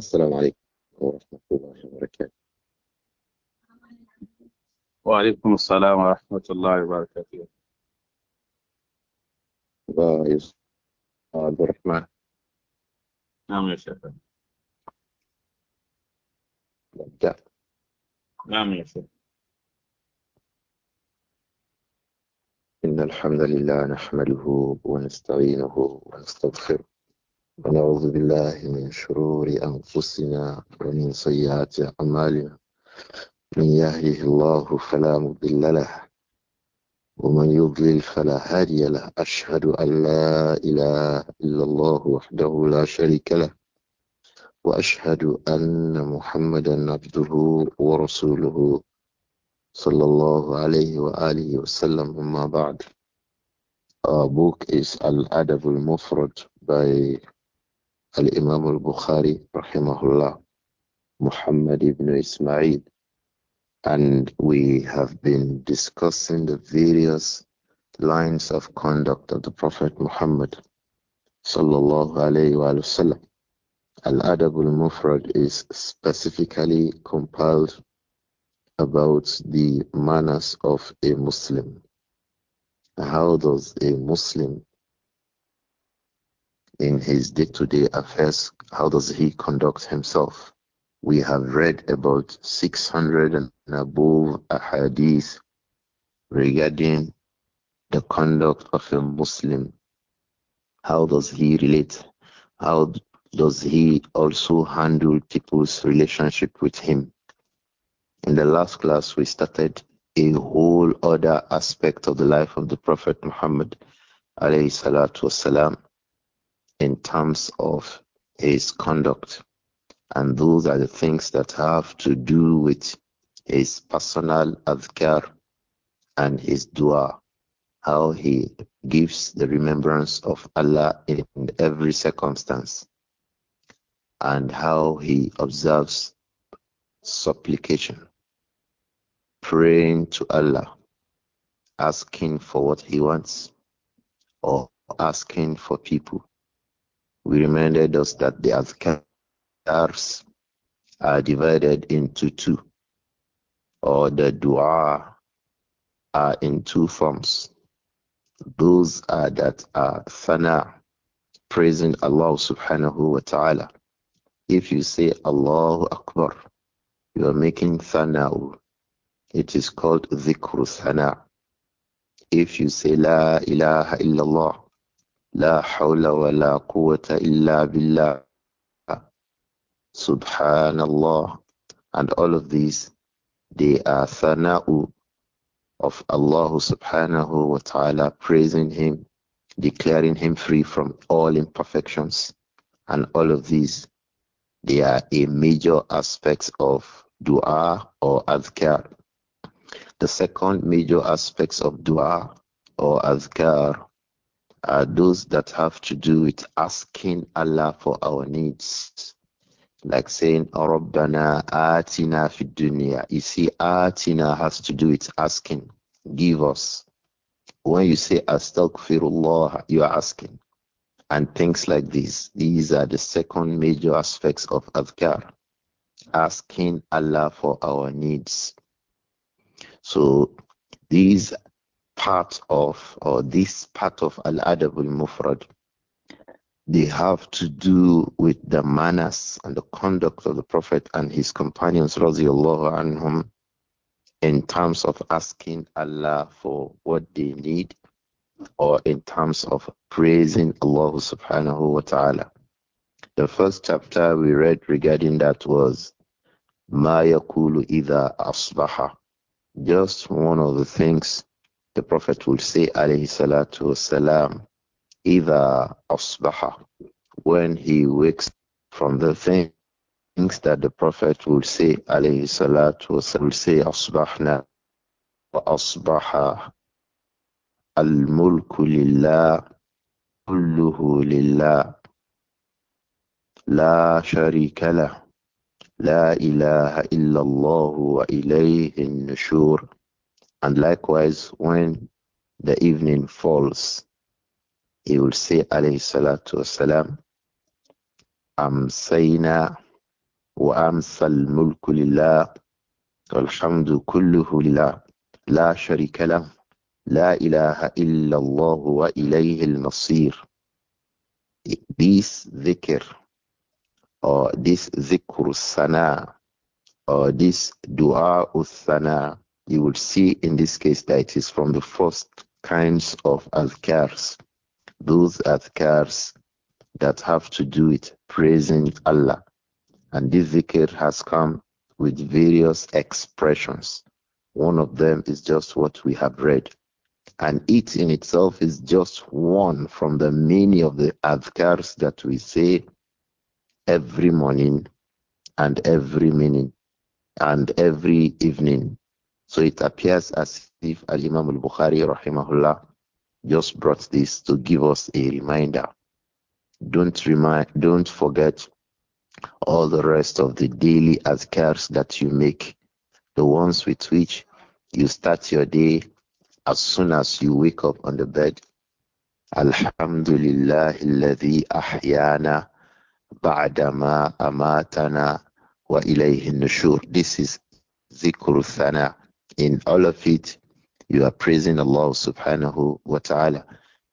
السلام عليكم ورحمة الله وبركاته وعليكم السلام ورحمة الله وبركاته الله عبد الرحمن نعم يا شيخ نبدأ نعم يا شيخ إن الحمد لله نحمده ونستعينه ونستغفره ونعوذ بالله من شرور أنفسنا ومن سيئات أعمالنا من يهده الله فلا مضل له ومن يضلل فلا هادي له أشهد أن لا إله إلا الله وحده لا شريك له وأشهد أن محمدا عبده ورسوله صلى الله عليه وآله وسلم أما بعد Our book is Al-Adab al-Mufrad by Al-Imam al-Bukhari, rahimahullah, Muhammad ibn Ismail, and we have been discussing the various lines of conduct of the Prophet Muhammad sallallahu alayhi wa sallam. Al-Adab al-Mufrad is specifically compiled about the manners of a Muslim. How does a Muslim in his day to day affairs, how does he conduct himself? We have read about 600 and above ahadith regarding the conduct of a Muslim. How does he relate? How does he also handle people's relationship with him? In the last class, we started a whole other aspect of the life of the Prophet Muhammad alayhi salatu wasalam, in terms of his conduct. And those are the things that have to do with his personal adhkar and his dua, how he gives the remembrance of Allah in every circumstance, and how he observes supplication, praying to Allah, asking for what he wants, or asking for people we reminded us that the adhkars are divided into two, or the dua are in two forms. Those are that are thana, praising Allah subhanahu wa ta'ala. If you say Allahu Akbar, you are making thana'u. It is called dhikru thana. If you say La ilaha illallah, لا حول ولا قوة إلا بالله Subhanallah and all of these they are thana'u of Allah subhanahu wa ta'ala praising him declaring him free from all imperfections and all of these they are a major aspects of dua or adhkar the second major aspects of dua or adhkar are those that have to do with asking Allah for our needs. Like saying, oh, Rabbana atina fid dunya. You see, atina has to do with asking. Give us. When you say astaghfirullah, you are asking. And things like these. These are the second major aspects of adhkar. Asking Allah for our needs. So these part of, or this part of Al Adabul Mufrad, they have to do with the manners and the conduct of the Prophet and his companions, anhum, in terms of asking Allah for what they need or in terms of praising Allah subhanahu wa ta'ala. The first chapter we read regarding that was Ma yakulu idha asbaha. Just one of the things The Prophet will say, alayhi salatu wasalam, إذا asbaha, when he wakes from the thing, things that the Prophet will say, alayhi salatu wasalam, will say, asbahna wa asbaha al-mulku lillah, kulluhu lillah, لا شريك له لا إله إلا الله وإليه النشور And likewise, when the evening falls, he will say, alayhi salatu wasalam, amsayna wa amsa al-mulku lillah, walhamdu kulluhu lillah, la sharika lah, la ilaha wa ilayhi al-masir. This dhikr, or this dhikr sana, or this dua sana, you would see in this case that it is from the first kinds of adhkars, those adhkars that have to do with praising Allah. And this zikr has come with various expressions. One of them is just what we have read. And it in itself is just one from the many of the adhkars that we say every morning and every minute and every evening so it appears as if Al Imam al Bukhari rahimahullah just brought this to give us a reminder. Don't remind, don't forget all the rest of the daily adhkars that you make, the ones with which you start your day as soon as you wake up on the bed. Alhamdulillah alladhi ahyana ba'dama amatana wa ilayhi nushur. This is zikr thana in all of it, you are praising Allah subhanahu wa ta'ala.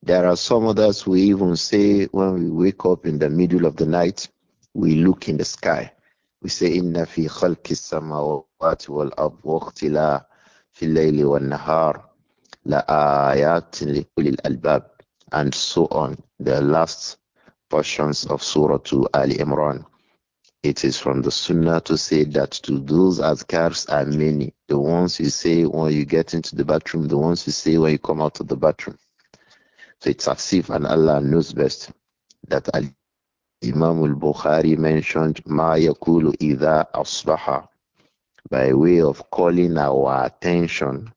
There are some others who even say when we wake up in the middle of the night, we look in the sky. We say, Inna fi khalki samawati wal ab waqtila fi layli wal nahar la ayatin li ulil albab and so on. The last portions of Surah to Ali Imran. It is from the sunnah to say that to those adhkars are many. The ones you say when you get into the bathroom, the ones you say when you come out of the bathroom. So it's as if and Allah knows best that Imam al Bukhari mentioned Ma Yakulu Ida Asbaha by way of calling our attention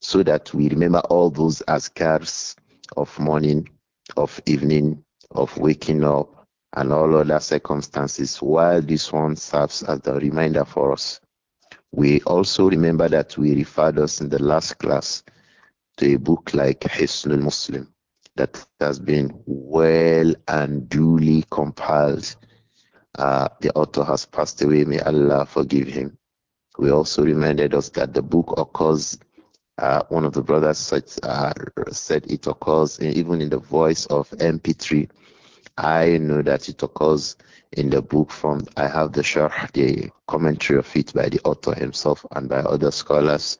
so that we remember all those askars of morning, of evening, of waking up, and all other circumstances while this one serves as the reminder for us. We also remember that we referred us in the last class to a book like Hisnul Muslim that has been well and duly compiled. Uh, the author has passed away. May Allah forgive him. We also reminded us that the book occurs, uh, one of the brothers said, uh, said it occurs in, even in the voice of MP3 I know that it occurs in the book from I have the sharh, the commentary of it by the author himself and by other scholars.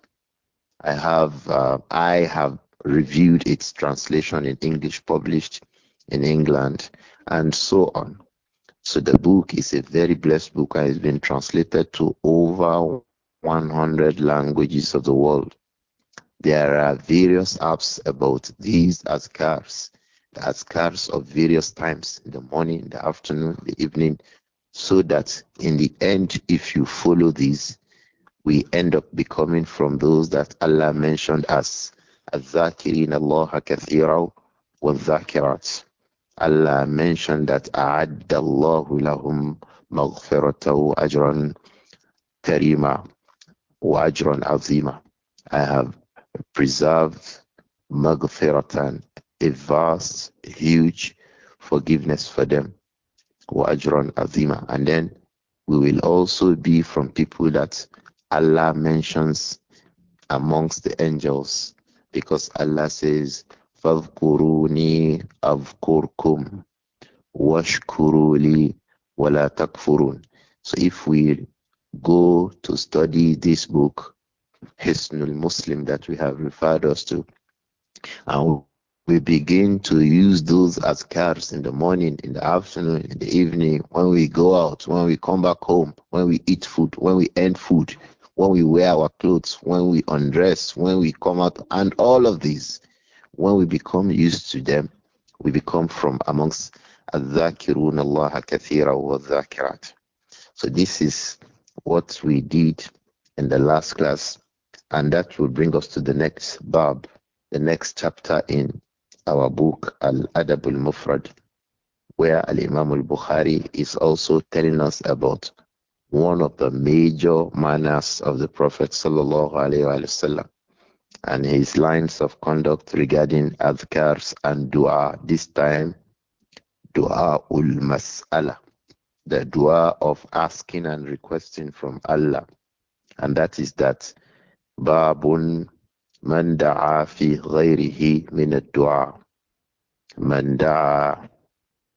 I have uh, I have reviewed its translation in English published in England and so on. So the book is a very blessed book and it's been translated to over 100 languages of the world. There are various apps about these as cars as cars of various times in the morning, in the afternoon, the evening, so that in the end, if you follow these, we end up becoming from those that Allah mentioned as Allah الله or والذاكرات Allah mentioned that ad-dallahu الله لهم ajran أجرا wa ajran azima. I have preserved maghfiratan a vast, huge forgiveness for them. Wajron Azima. And then we will also be from people that Allah mentions amongst the angels because Allah says, فَذْكُرُونِي avkurkum, وَاشْكُرُوا لِي So if we go to study this book, Hisnul Muslim that we have referred us to, and we begin to use those as cars in the morning, in the afternoon, in the evening, when we go out, when we come back home, when we eat food, when we end food, when we wear our clothes, when we undress, when we come out, and all of these, when we become used to them, we become from amongst الذاكرون الله كثيرا والذاكرات. So this is what we did in the last class, and that will bring us to the next bab, the next chapter in our book Al-Adab al-Mufrad where Al-Imam al-Bukhari is also telling us about one of the major manners of the Prophet sallallahu wasallam and his lines of conduct regarding adhkars and dua this time dua ul mas'ala the dua of asking and requesting from Allah and that is that babun من دعا في غيره من الدعاء من دعا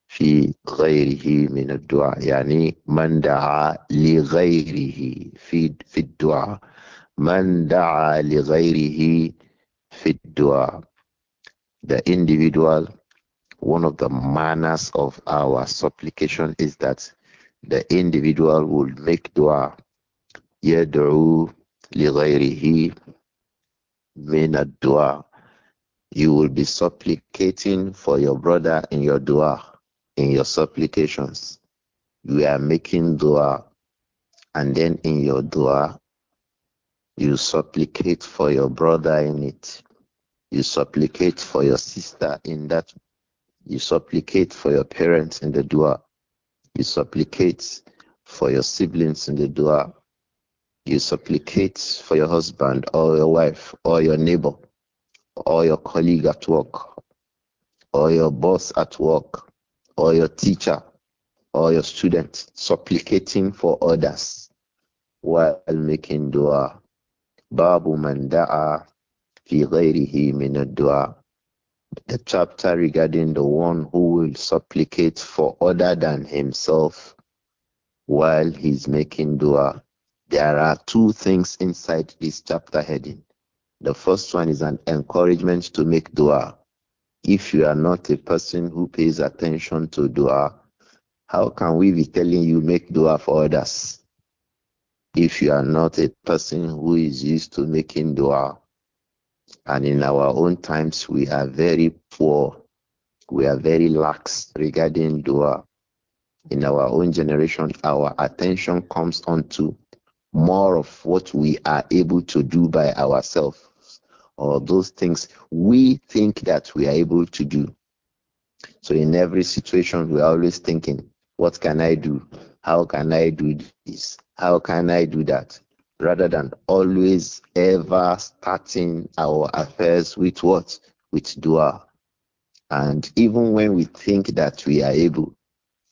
في غيره من الدعاء يعني من دعا لغيره في في الدعاء من دعا لغيره في الدعاء the individual one of the manners of our supplication is that the individual will make dua يدعو لغيره a dua. You will be supplicating for your brother in your dua, in your supplications. You are making dua, and then in your dua, you supplicate for your brother in it. You supplicate for your sister in that. You supplicate for your parents in the dua. You supplicate for your siblings in the dua you supplicate for your husband or your wife or your neighbor or your colleague at work or your boss at work or your teacher or your student, supplicating for others while making dua. Babu man da'a fi ghayrihi min dua. The chapter regarding the one who will supplicate for other than himself while he's making dua. There are two things inside this chapter heading. The first one is an encouragement to make dua. If you are not a person who pays attention to dua, how can we be telling you make dua for others? If you are not a person who is used to making dua, and in our own times we are very poor, we are very lax regarding dua. In our own generation, our attention comes onto more of what we are able to do by ourselves or those things we think that we are able to do. So in every situation, we're always thinking, what can I do? How can I do this? How can I do that? Rather than always ever starting our affairs with what? With dua. And even when we think that we are able,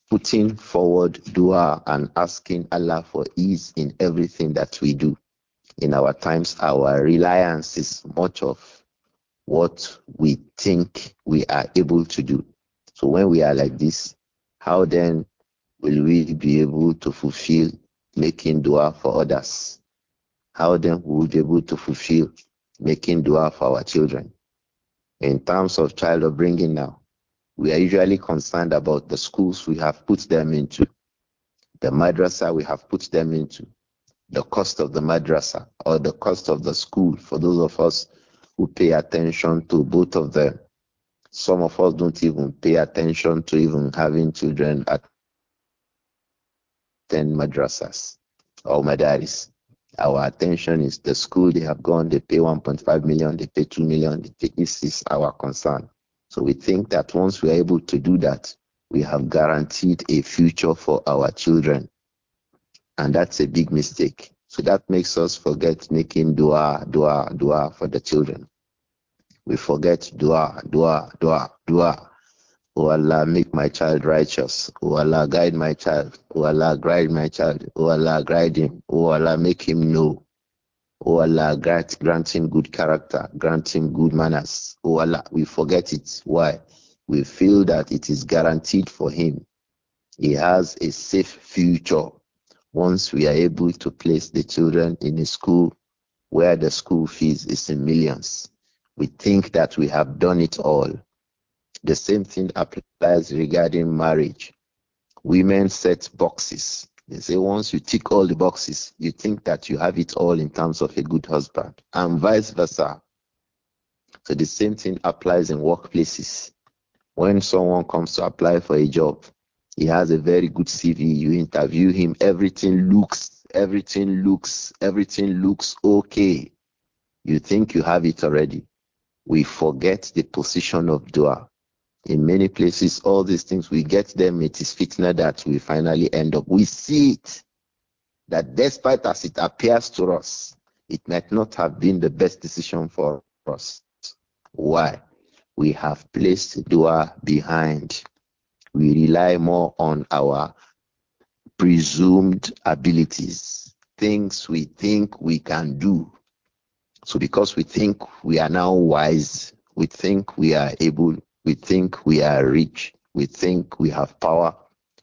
putting forward dua and asking Allah for ease in everything that we do. In our times, our reliance is much of what we think we are able to do. So when we are like this, how then will we be able to fulfill making dua for others? How then will we be able to fulfill making dua for our children? In terms of child upbringing now, we are usually concerned about the schools we have put them into, the madrasa we have put them into, the cost of the madrasa or the cost of the school for those of us who pay attention to both of them. Some of us don't even pay attention to even having children at 10 madrasas or madaris. Our attention is the school they have gone, they pay 1.5 million, they pay 2 million, they pay, this is our concern. So we think that once we are able to do that, we have guaranteed a future for our children. And that's a big mistake. So that makes us forget making dua, dua, dua for the children. We forget dua, dua, dua, dua. Oh Allah, make my child righteous. Oh Allah, guide my child. Oh Allah, guide my child. Oh Allah, guide him. Oh Allah, make him know. O oh Allah, grant, grant him good character, grant him good manners. oh Allah, we forget it. Why? We feel that it is guaranteed for him. He has a safe future. Once we are able to place the children in a school where the school fees is in millions, we think that we have done it all. The same thing applies regarding marriage. Women set boxes they say once you tick all the boxes, you think that you have it all in terms of a good husband, and vice versa. So the same thing applies in workplaces. When someone comes to apply for a job, he has a very good CV. You interview him, everything looks, everything looks, everything looks okay. You think you have it already. We forget the position of dua. In many places, all these things, we get them, it is fitna that we finally end up. We see it, that despite as it appears to us, it might not have been the best decision for us. Why? We have placed dua behind. We rely more on our presumed abilities, things we think we can do. So, because we think we are now wise, we think we are able, we think we are rich. We think we have power.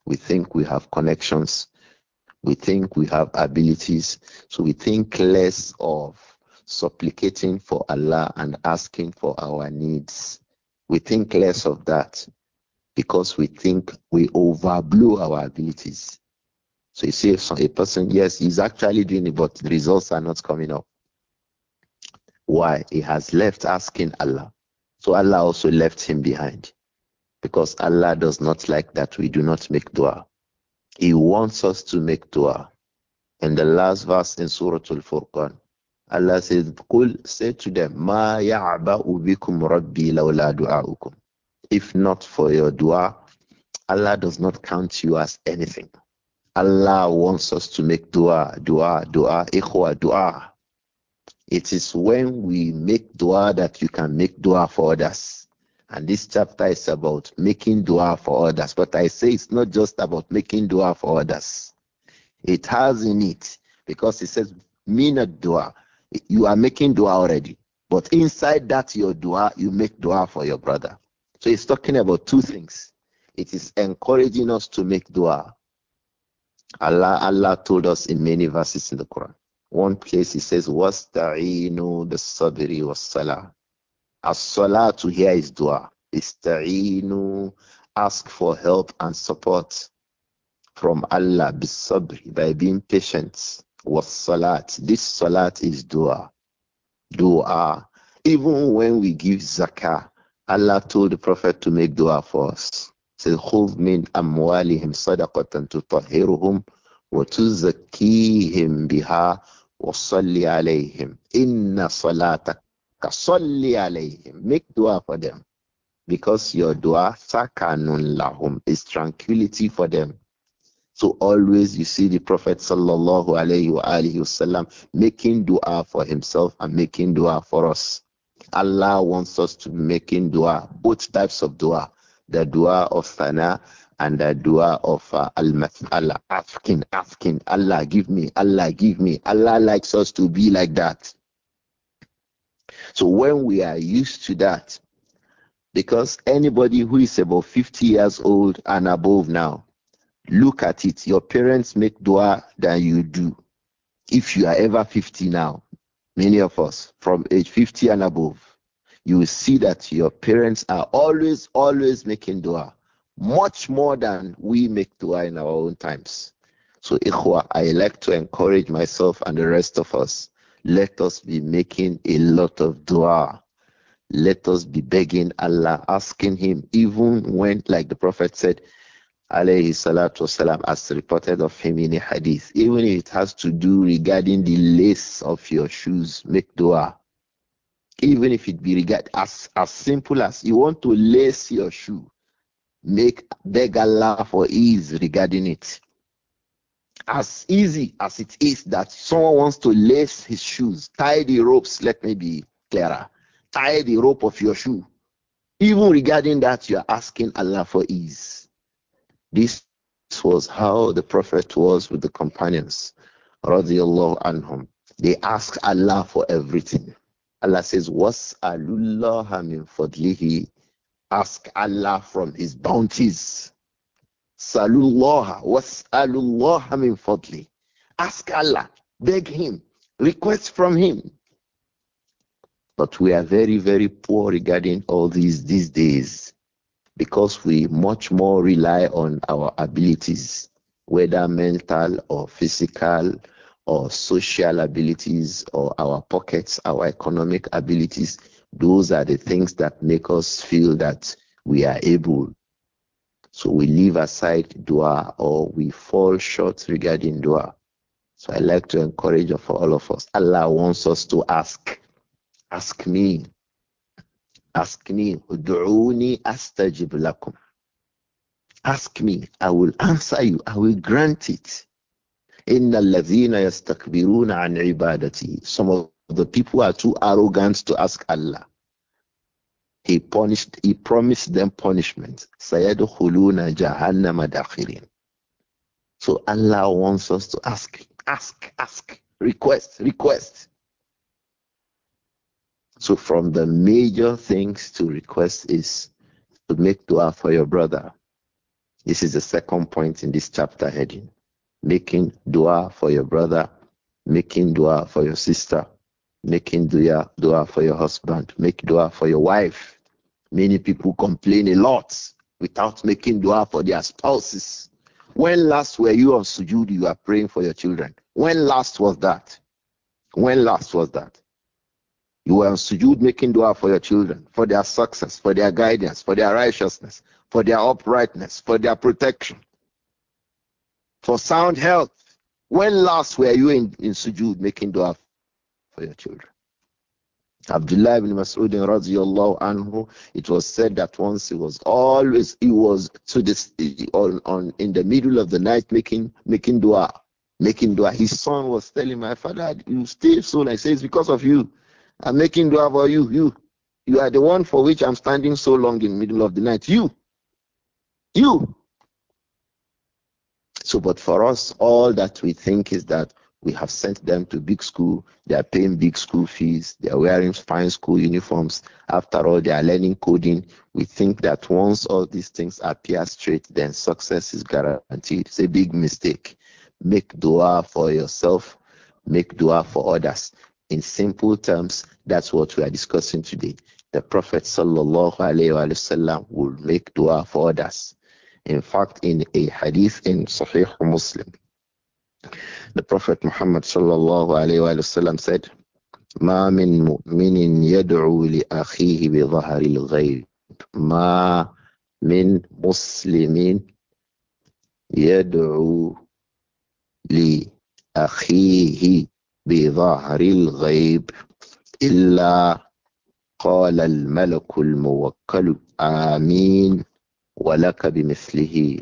We think we have connections. We think we have abilities. So we think less of supplicating for Allah and asking for our needs. We think less of that because we think we overblow our abilities. So you see a person, yes, he's actually doing it, but the results are not coming up. Why? He has left asking Allah. So Allah also left him behind because Allah does not like that we do not make dua. He wants us to make dua. In the last verse in Surah Al-Furqan, Allah says, Qul, say to them, Ma ya'ba'u bikum rabbi lawla du'a'ukum. If not for your dua, Allah does not count you as anything. Allah wants us to make dua, dua, dua, ikhwa, dua. It is when we make dua that you can make dua for others. And this chapter is about making dua for others. But I say it's not just about making dua for others. It has in it because it says mina dua. You are making dua already. But inside that your dua, you make dua for your brother. So it's talking about two things. It is encouraging us to make dua. Allah Allah told us in many verses in the Quran one place he says, Wasta'inu the sabri was salah. As salah to hear is dua. Ista'inu, ask for help and support from Allah bisabri by being patient. Was salat. This salat is dua. Dua. Even when we give zakah, Allah told the Prophet to make dua for us. Says, min amwalihim أَمْوَالِهِمْ صَدَقَةً تُطَهِّرُهُمْ وَتُزَكِّيهِمْ biha." وَصَلِّ عَلَيْهِمْ إِنَّ صَلَاتَكَ صَلِّ عَلَيْهِمْ Make dua for them because your dua sakanun lahum is tranquility for them. So always you see the Prophet sallallahu alayhi wa alayhi wasallam making dua for himself and making dua for us. Allah wants us to be making dua, both types of dua, the dua of sana and the dua of uh, Al Mas'ala, asking, asking, Allah, give me, Allah, give me. Allah likes us to be like that. So when we are used to that, because anybody who is about 50 years old and above now, look at it. Your parents make dua than you do. If you are ever 50 now, many of us from age 50 and above, you will see that your parents are always, always making dua much more than we make dua in our own times. So, Ikhwa, I like to encourage myself and the rest of us. Let us be making a lot of dua. Let us be begging Allah, asking Him, even when, like the Prophet said, alayhi salatu wasalam, as reported of him in a hadith, even if it has to do regarding the lace of your shoes, make dua. Even if it be regard as as simple as you want to lace your shoe, make beg Allah for ease regarding it. As easy as it is that someone wants to lace his shoes, tie the ropes, let me be clearer, tie the rope of your shoe. Even regarding that, you are asking Allah for ease. This was how the Prophet was with the companions, anhum. They asked Allah for everything. Allah says, "Was min fadlihi Ask Allah from His bounties. Salullah, was'alullah min fadli. Ask Allah, beg Him, request from Him. But we are very, very poor regarding all these these days because we much more rely on our abilities, whether mental or physical or social abilities or our pockets, our economic abilities. Those are the things that make us feel that we are able. So we leave aside dua or we fall short regarding dua. So I like to encourage for all of us. Allah wants us to ask. Ask me. Ask me. Du'uni astajib lakum. Ask me. I will answer you. I will grant it. Inna الَّذِينَ يَسْتَكْبِرُونَ عَنْ عِبَادَتِي Some of the people are too arrogant to ask Allah. He punished, he promised them punishment. Sayadkhuluna Jahannam adakhirin. So Allah wants us to ask, ask, ask, request, request. So from the major things to request is to make dua for your brother. This is the second point in this chapter heading. Making dua for your brother, making dua for your sister, making dua, dua for your husband, make dua for your wife. Many people complain a lot without making dua for their spouses. When last were you on sujud? you are praying for your children? When last was that? When last was that? You were on sujud making dua for your children, for their success, for their guidance, for their righteousness, for their uprightness, for their protection, for sound health. When last were you in, in sujud making dua for your children. Abdullah ibn Mas'ud radiyallahu anhu, it was said that once he was always he was to this on, on in the middle of the night making making dua, making dua. His son was telling my father, "You still soon." I say, "It's because of you. I'm making dua for you. You, you are the one for which I'm standing so long in the middle of the night. You, you." So, but for us, all that we think is that we have sent them to big school. They are paying big school fees. They are wearing fine school uniforms. After all, they are learning coding. We think that once all these things appear straight, then success is guaranteed. It's a big mistake. Make dua for yourself. Make dua for others. In simple terms, that's what we are discussing today. The Prophet sallallahu alaihi wasallam will make dua for others. In fact, in a hadith in Sahih Muslim, The Prophet Muhammad sallallahu alayhi wa sallam said, ما من مؤمن يدعو لأخيه بظهر الغيب ما من مسلم يدعو لأخيه بظهر الغيب إلا قال الملك الموكل آمين ولك بمثله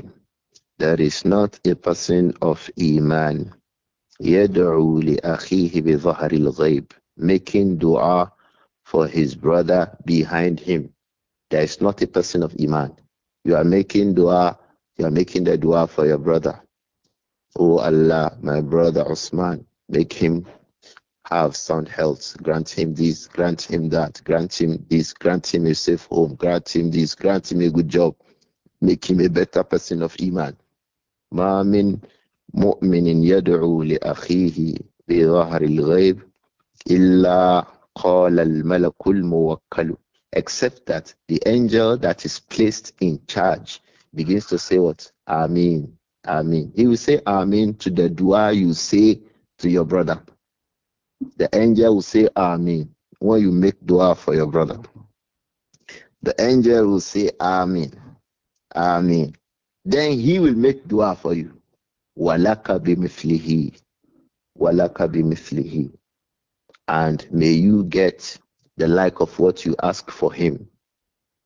There is not a person of Iman. يَدْعُو لِأَخِيهِ Making dua for his brother behind him. There is not a person of Iman. You are making dua, you are making the dua for your brother. Oh Allah, my brother Osman, make him have sound health. Grant him this, grant him that, grant him this, grant him a safe home, grant him this, grant him a good job, make him a better person of Iman. ما من مؤمن يدعو لأخيه بظهر الغيب إلا قال الملك الموكل except that the angel that is placed in charge begins to say what Amin Amin he will say Amin to the dua you say to your brother the angel will say Amin when you make dua for your brother the angel will say Amin Amin then he will make dua for you. Walaka bimithlihi. Walaka bimithlihi. And may you get the like of what you ask for him.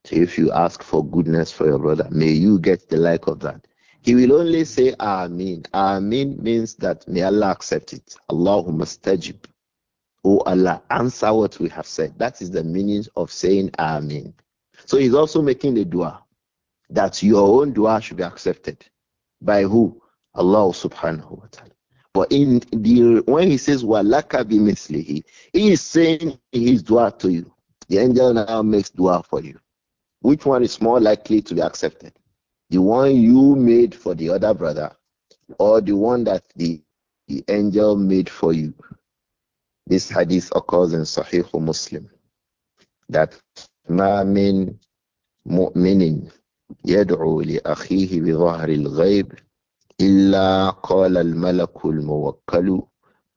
So if you ask for goodness for your brother, may you get the like of that. He will only say Amin. Amin means that may Allah accept it. Allahumma stajib. O Allah, answer what we have said. That is the meaning of saying Amin. So he's also making the dua that your own dua should be accepted. By who? Allah subhanahu wa ta'ala. But in the when he says walaka bimislihi, he is saying his dua to you. The angel now makes dua for you. Which one is more likely to be accepted? The one you made for the other brother, or the one that the, the angel made for you? This hadith occurs in Sahih Muslim that ma min mu'minin يدعو لأخيه بظهر الغيب إلا قال الملك الموكل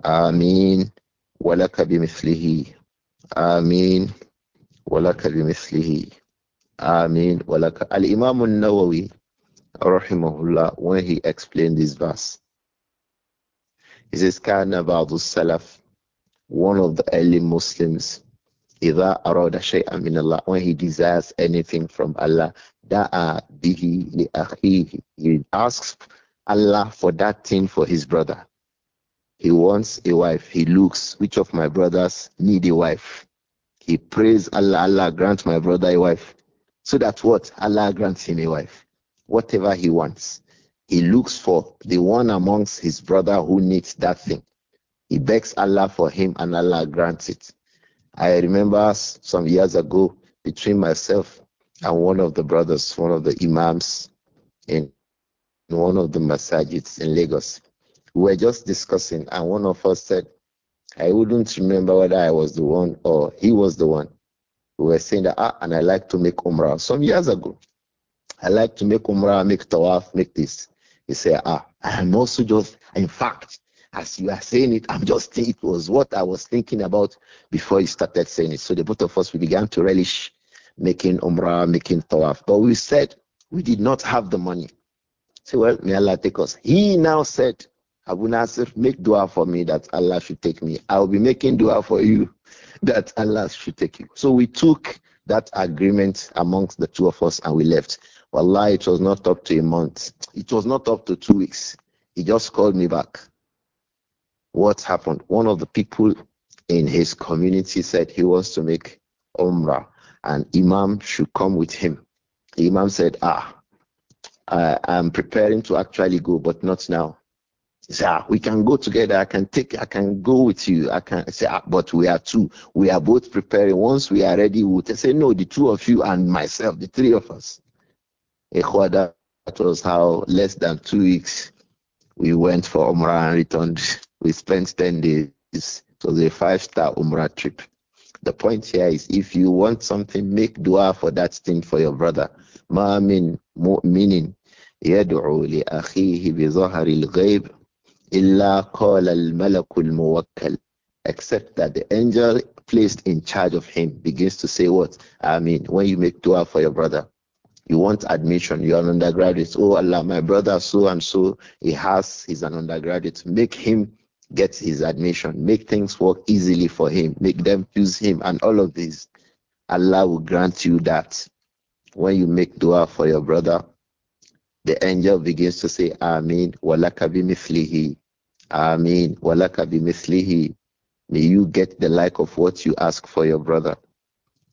آمين ولك بمثله آمين ولك بمثله آمين ولك الإمام النووي رحمه الله when he explained this verse he says كان بعض السلف one of the early Muslims إِذَا When he desires anything from Allah, da'a bihi li He asks Allah for that thing for his brother. He wants a wife. He looks, which of my brothers need a wife? He prays Allah, Allah grant my brother a wife. So that what? Allah grants him a wife. Whatever he wants. He looks for the one amongst his brother who needs that thing. He begs Allah for him and Allah grants it. I remember some years ago between myself and one of the brothers, one of the imams in one of the masajids in Lagos. We were just discussing, and one of us said, I wouldn't remember whether I was the one or he was the one. We were saying that, ah, and I like to make umrah some years ago. I like to make umrah, make tawaf, make this. He said, ah, I'm also just, in fact, as you are saying it, I'm just thinking it was what I was thinking about before you started saying it. So the both of us we began to relish making umrah, making tawaf. But we said we did not have the money. So well, may Allah take us. He now said, Abu Nasir, make dua for me that Allah should take me. I'll be making dua for you that Allah should take you. So we took that agreement amongst the two of us and we left. Wallah, it was not up to a month. It was not up to two weeks. He just called me back what happened? One of the people in his community said he wants to make Umrah and Imam should come with him. The Imam said, Ah, I, am preparing to actually go, but not now. He said, ah, we can go together. I can take, I can go with you. I can I say, ah, but we are two. We are both preparing. Once we are ready, we'll say, no, the two of you and myself, the three of us. That was how less than two weeks we went for Umrah and returned. We spent 10 days. so the five star Umrah trip. The point here is if you want something, make dua for that thing for your brother. Ma min mu'minin يدعو لأخيه بظهر الغيب إلا قال الملك الموكل except that the angel placed in charge of him begins to say what I mean when you make dua for your brother you want admission you're an undergraduate oh Allah my brother so and so he has he's an undergraduate make him get his admission, make things work easily for him, make them choose him, and all of this. Allah will grant you that. When you make dua for your brother, the angel begins to say, Amin, walaka bimithlihi. Amin, walaka bimithlihi. May you get the like of what you ask for your brother.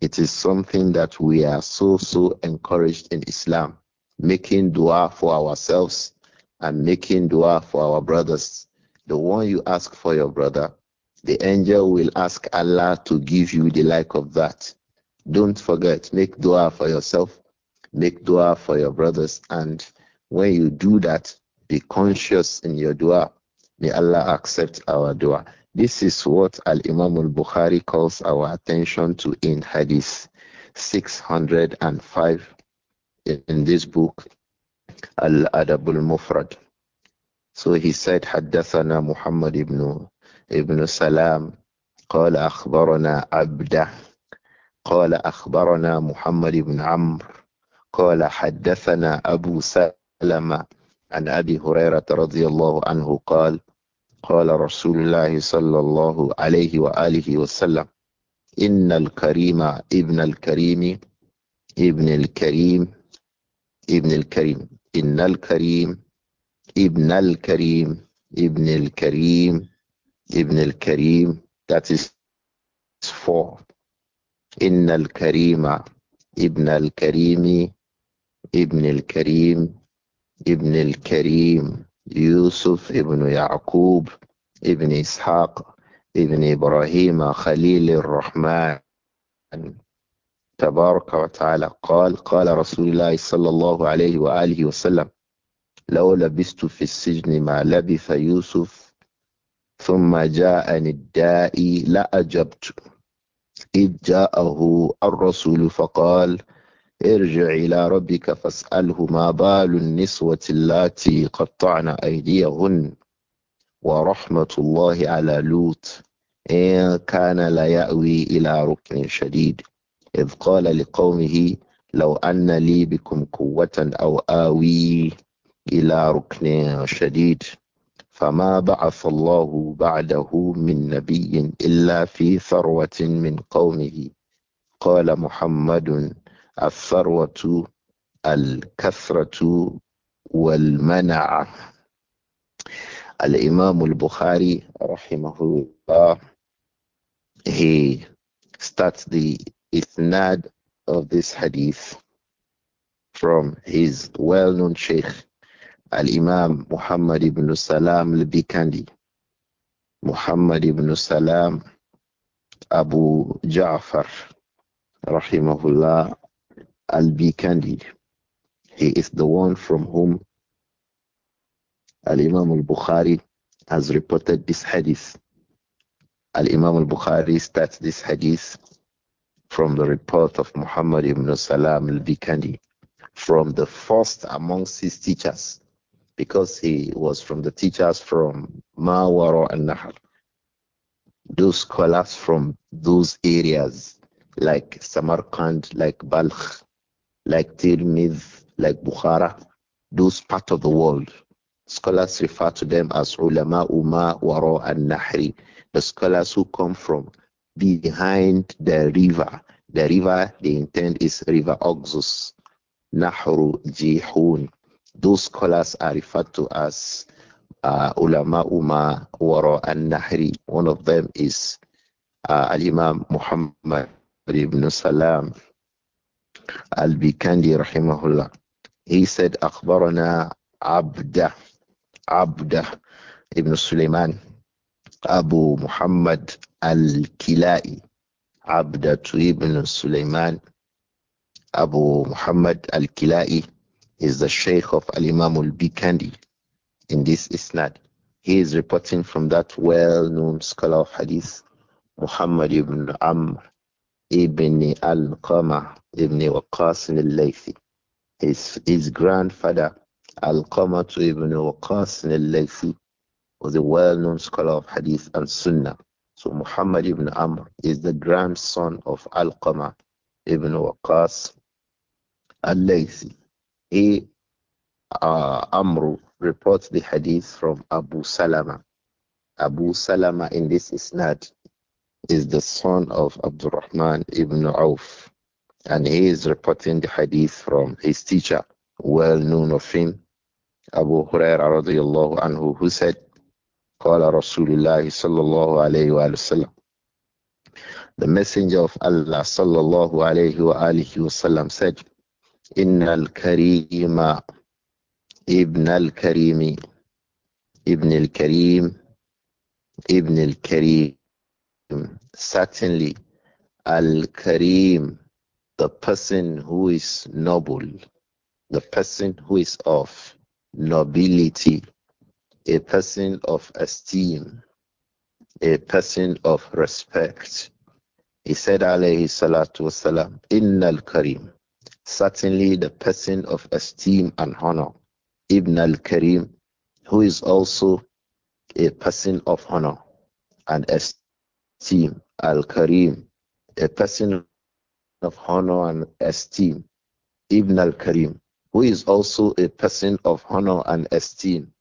It is something that we are so, so encouraged in Islam, making dua for ourselves and making dua for our brothers the one you ask for your brother, the angel will ask Allah to give you the like of that. Don't forget, make dua for yourself, make dua for your brothers, and when you do that, be conscious in your dua. May Allah accept our dua. This is what Al Imam al Bukhari calls our attention to in Hadith 605 in this book, Al Adabul Mufrad. So he said, حدثنا محمد ibn ابن سلام قال أخبرنا عبدة قال أخبرنا محمد بن عمرو قال حدثنا أبو سلمة عن أبي هريرة رضي الله عنه قال قال رسول الله صلى الله عليه وآله وسلم إن الكريم ابن الكريم ابن الكريم ابن الكريم إن الكريم ابن الكريم ابن الكريم ابن الكريم that is four ان الكريم ابن الكريم ابن الكريم ابن الكريم يوسف ابن يعقوب ابن اسحاق ابن ابراهيم خليل الرحمن تبارك وتعالى قال قال رسول الله صلى الله عليه واله وسلم لو لبست في السجن ما لبث يوسف ثم جاءني الدائي لأجبت إذ جاءه الرسول فقال ارجع إلى ربك فاسأله ما بال النسوة اللاتي قطعن أيديهن ورحمة الله على لوط إن كان لا يأوي إلى ركن شديد إذ قال لقومه لو أن لي بكم قوة أو آوي إلى ركن شديد فما بعث الله بعده من نبي إلا في ثروة من قومه قال محمد الثروة الكثرة والمنع الإمام البخاري رحمه الله he starts the isnad of this hadith from his well-known sheikh Al-Imam Muhammad ibn Salam al-Bikandi. Muhammad ibn Salam Abu Ja'far rahimahullah al-Bikandi. He is the one from whom Al-Imam al-Bukhari has reported this hadith. Al-Imam al-Bukhari starts this hadith from the report of Muhammad ibn Salam al-Bikandi from the first amongst his teachers because he was from the teachers from Ma'waro and Nahar. Those scholars from those areas, like Samarkand, like Balkh, like Tirmidh, like Bukhara, those part of the world, scholars refer to them as ulama umma wara and nahri, the scholars who come from behind the river. The river they intend is river Oxus, Nahru Jihun. Those scholars are referred to as uh, ulama umma wara al-nahri. One of them is uh, al-imam Muhammad ibn Salam al-Bikandi rahimahullah. He said, أخبرنا ibn عبده ابن سليمان أبو محمد الكلائي عبدة ابن سليمان أبو محمد الكلائي is the Shaykh of Al Imam al Bikandi in this Isnad. He is reporting from that well known scholar of Hadith, Muhammad ibn Amr ibn al Qama ibn Waqas al Laythi. His, his grandfather, al Qama to ibn Waqas al Laythi, was a well known scholar of Hadith and Sunnah. So Muhammad ibn Amr is the grandson of Al-Qama ibn Waqas al-Laythi. A. Uh, Amru reports the hadith from Abu Salama. Abu Salama in this isnad is the son of Abdurrahman ibn Auf, and he is reporting the hadith from his teacher, well known of him, Abu Hurairah radiallahu anhu, who said, قال رسول sallallahu صلى الله The messenger of Allah sallallahu alayhi wa sallam said, إن الكريم ابن الكريم ابن الكريم ابن الكريم certainly al-karim the person who is noble the person who is of nobility a person of esteem a person of respect he said alayhi salatu wasalam innal karim certainly the person of esteem and honor, Ibn al Karim, who is also a person of honor and esteem, al Karim, a person of honor and esteem, Ibn al Karim, who is also a person of honor and esteem,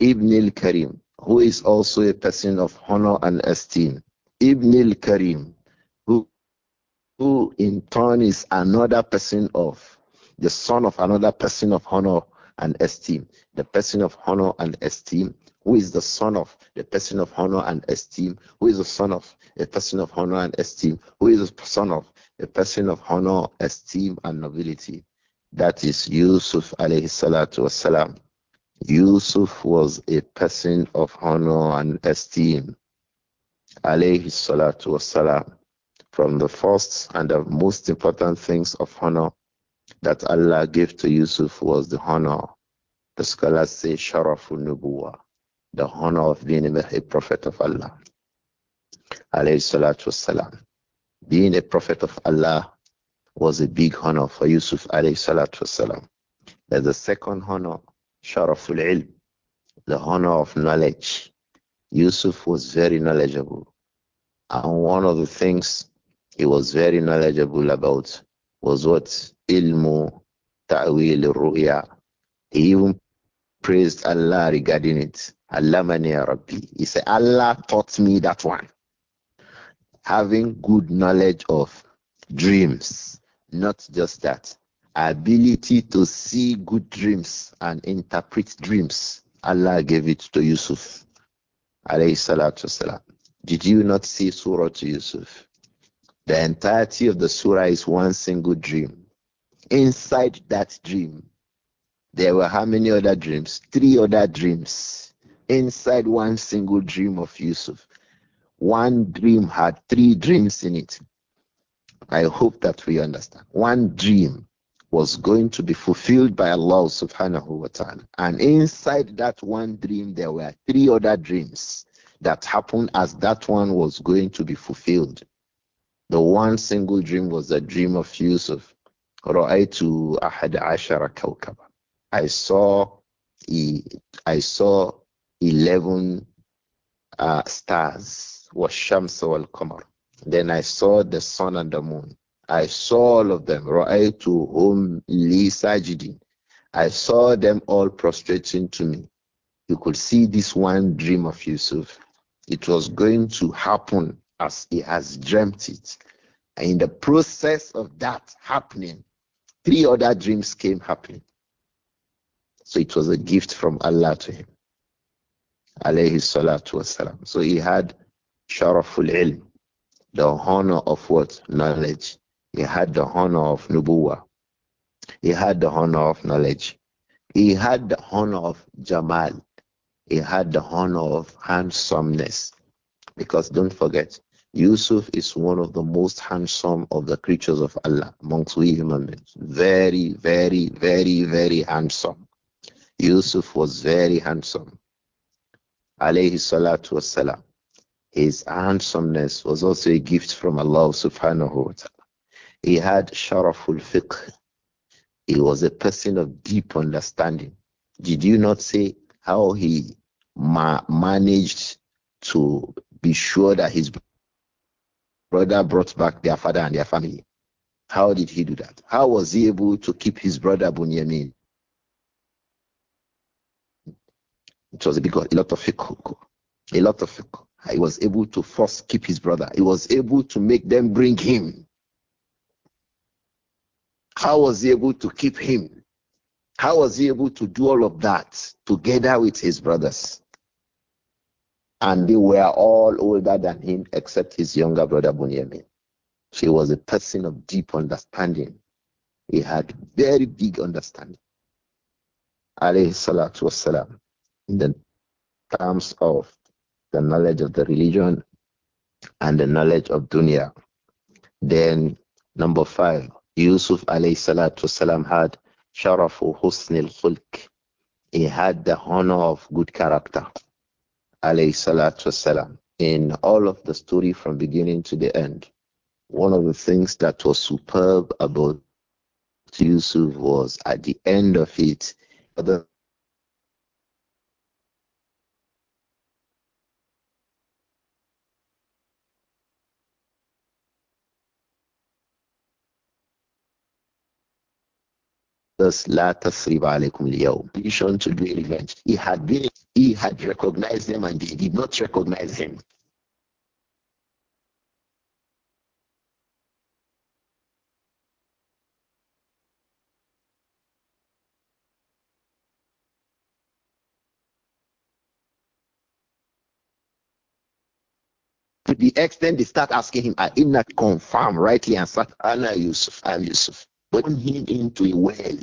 Ibn al Karim, who is also a person of honor and esteem, Ibn al Karim, who in turn is another person of the son of another person of honor and esteem, the person of honor and esteem, who is the son of the person of honor and esteem, who is the son of a person of honor and esteem, who is the son of a person of honor, esteem, and nobility. That is Yusuf alayhi salatu wasalam. Yusuf was a person of honor and esteem. Alayhi salatu wasalam from the first and the most important things of honor that Allah gave to Yusuf was the honor. The scholars say Sharaful Nubuwa, the honor of being a prophet of Allah. Alayhi salatu Being a prophet of Allah was a big honor for Yusuf alayhi salatu salam. There's a second honor, Sharaful Ilm, the honor of knowledge. Yusuf was very knowledgeable. And one of the things he was very knowledgeable about was what ilmu ta'wil ruya. He even praised Allah regarding it. Allah mani Rabbi. He said, Allah taught me that one. Having good knowledge of dreams, not just that. Ability to see good dreams and interpret dreams. Allah gave it to Yusuf. Alayhi salatu Did you not see Surah to Yusuf? The entirety of the surah is one single dream. Inside that dream, there were how many other dreams? Three other dreams. Inside one single dream of Yusuf. One dream had three dreams in it. I hope that we understand. One dream was going to be fulfilled by Allah subhanahu wa ta'ala. And inside that one dream, there were three other dreams that happened as that one was going to be fulfilled. The one single dream was the dream of Yusuf. رَأَيْتُ أَحَدَ I saw I saw 11 uh, stars was Shams al Qamar. Then I saw the sun and the moon. I saw all of them. to hum li sajidin. I saw them all prostrating to me. You could see this one dream of Yusuf. It was going to happen as he has dreamt it. And in the process of that happening, three other dreams came happening. So it was a gift from Allah to him. Alayhi salatu wasalam. So he had sharaful ilm, the honor of what? Knowledge. He had the honor of nubuwa. He had the honor of knowledge. He had the honor of jamal. He had the honor of handsomeness. Because don't forget, Yusuf is one of the most handsome of the creatures of Allah amongst we human beings. Very, very, very, very handsome. Yusuf was very handsome. Alayhi salatu wassalam. His handsomeness was also a gift from Allah subhanahu wa ta'ala. He had sharaful fiqh. He was a person of deep understanding. Did you not see how he ma managed to be sure that his brother brought back their father and their family. How did he do that? How was he able to keep his brother Bunyamin? It was because a lot of a lot of He was able to first keep his brother. He was able to make them bring him. How was he able to keep him? How was he able to do all of that together with his brothers? and they were all older than him except his younger brother Bunyamin. She was a person of deep understanding. He had very big understanding. Alayhi salatu wasalam. In the terms of the knowledge of the religion and the knowledge of dunya. Then number five, Yusuf alayhi salatu wasalam had sharafu husnil khulk. He had the honor of good character alayhi salatu wasalam, in all of the story from beginning to the end, one of the things that was superb about Yusuf was at the end of it, other this la tasrib alaykum al-yawm. to do revenge. He had been he had recognized them and they did not recognize him. To the extent they start asking him, I did not confirm rightly and start Anna Yusuf and Yusuf. Put him into a well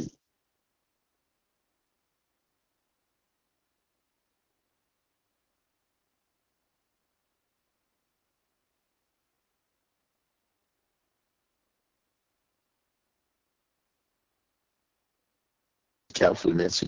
carefulness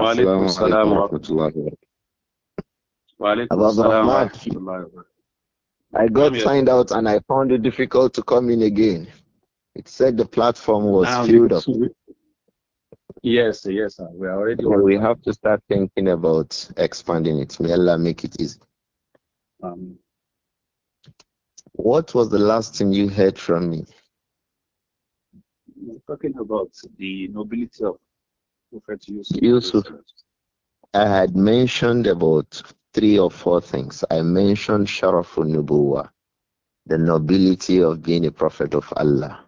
وعليكم السلام الله وبركاته وعليكم السلام الله وبركاته I got signed out and I found it difficult to come in again. It said the platform was now filled up. Yes, yes, sir. we are already. So we have to start thinking about expanding it. May Allah make it easy. Um, what was the last thing you heard from me? We're talking about the nobility of Prophet Yusuf. Yusuf. I had mentioned about three or four things. I mentioned Sharafun Nubuwa, the nobility of being a prophet of Allah.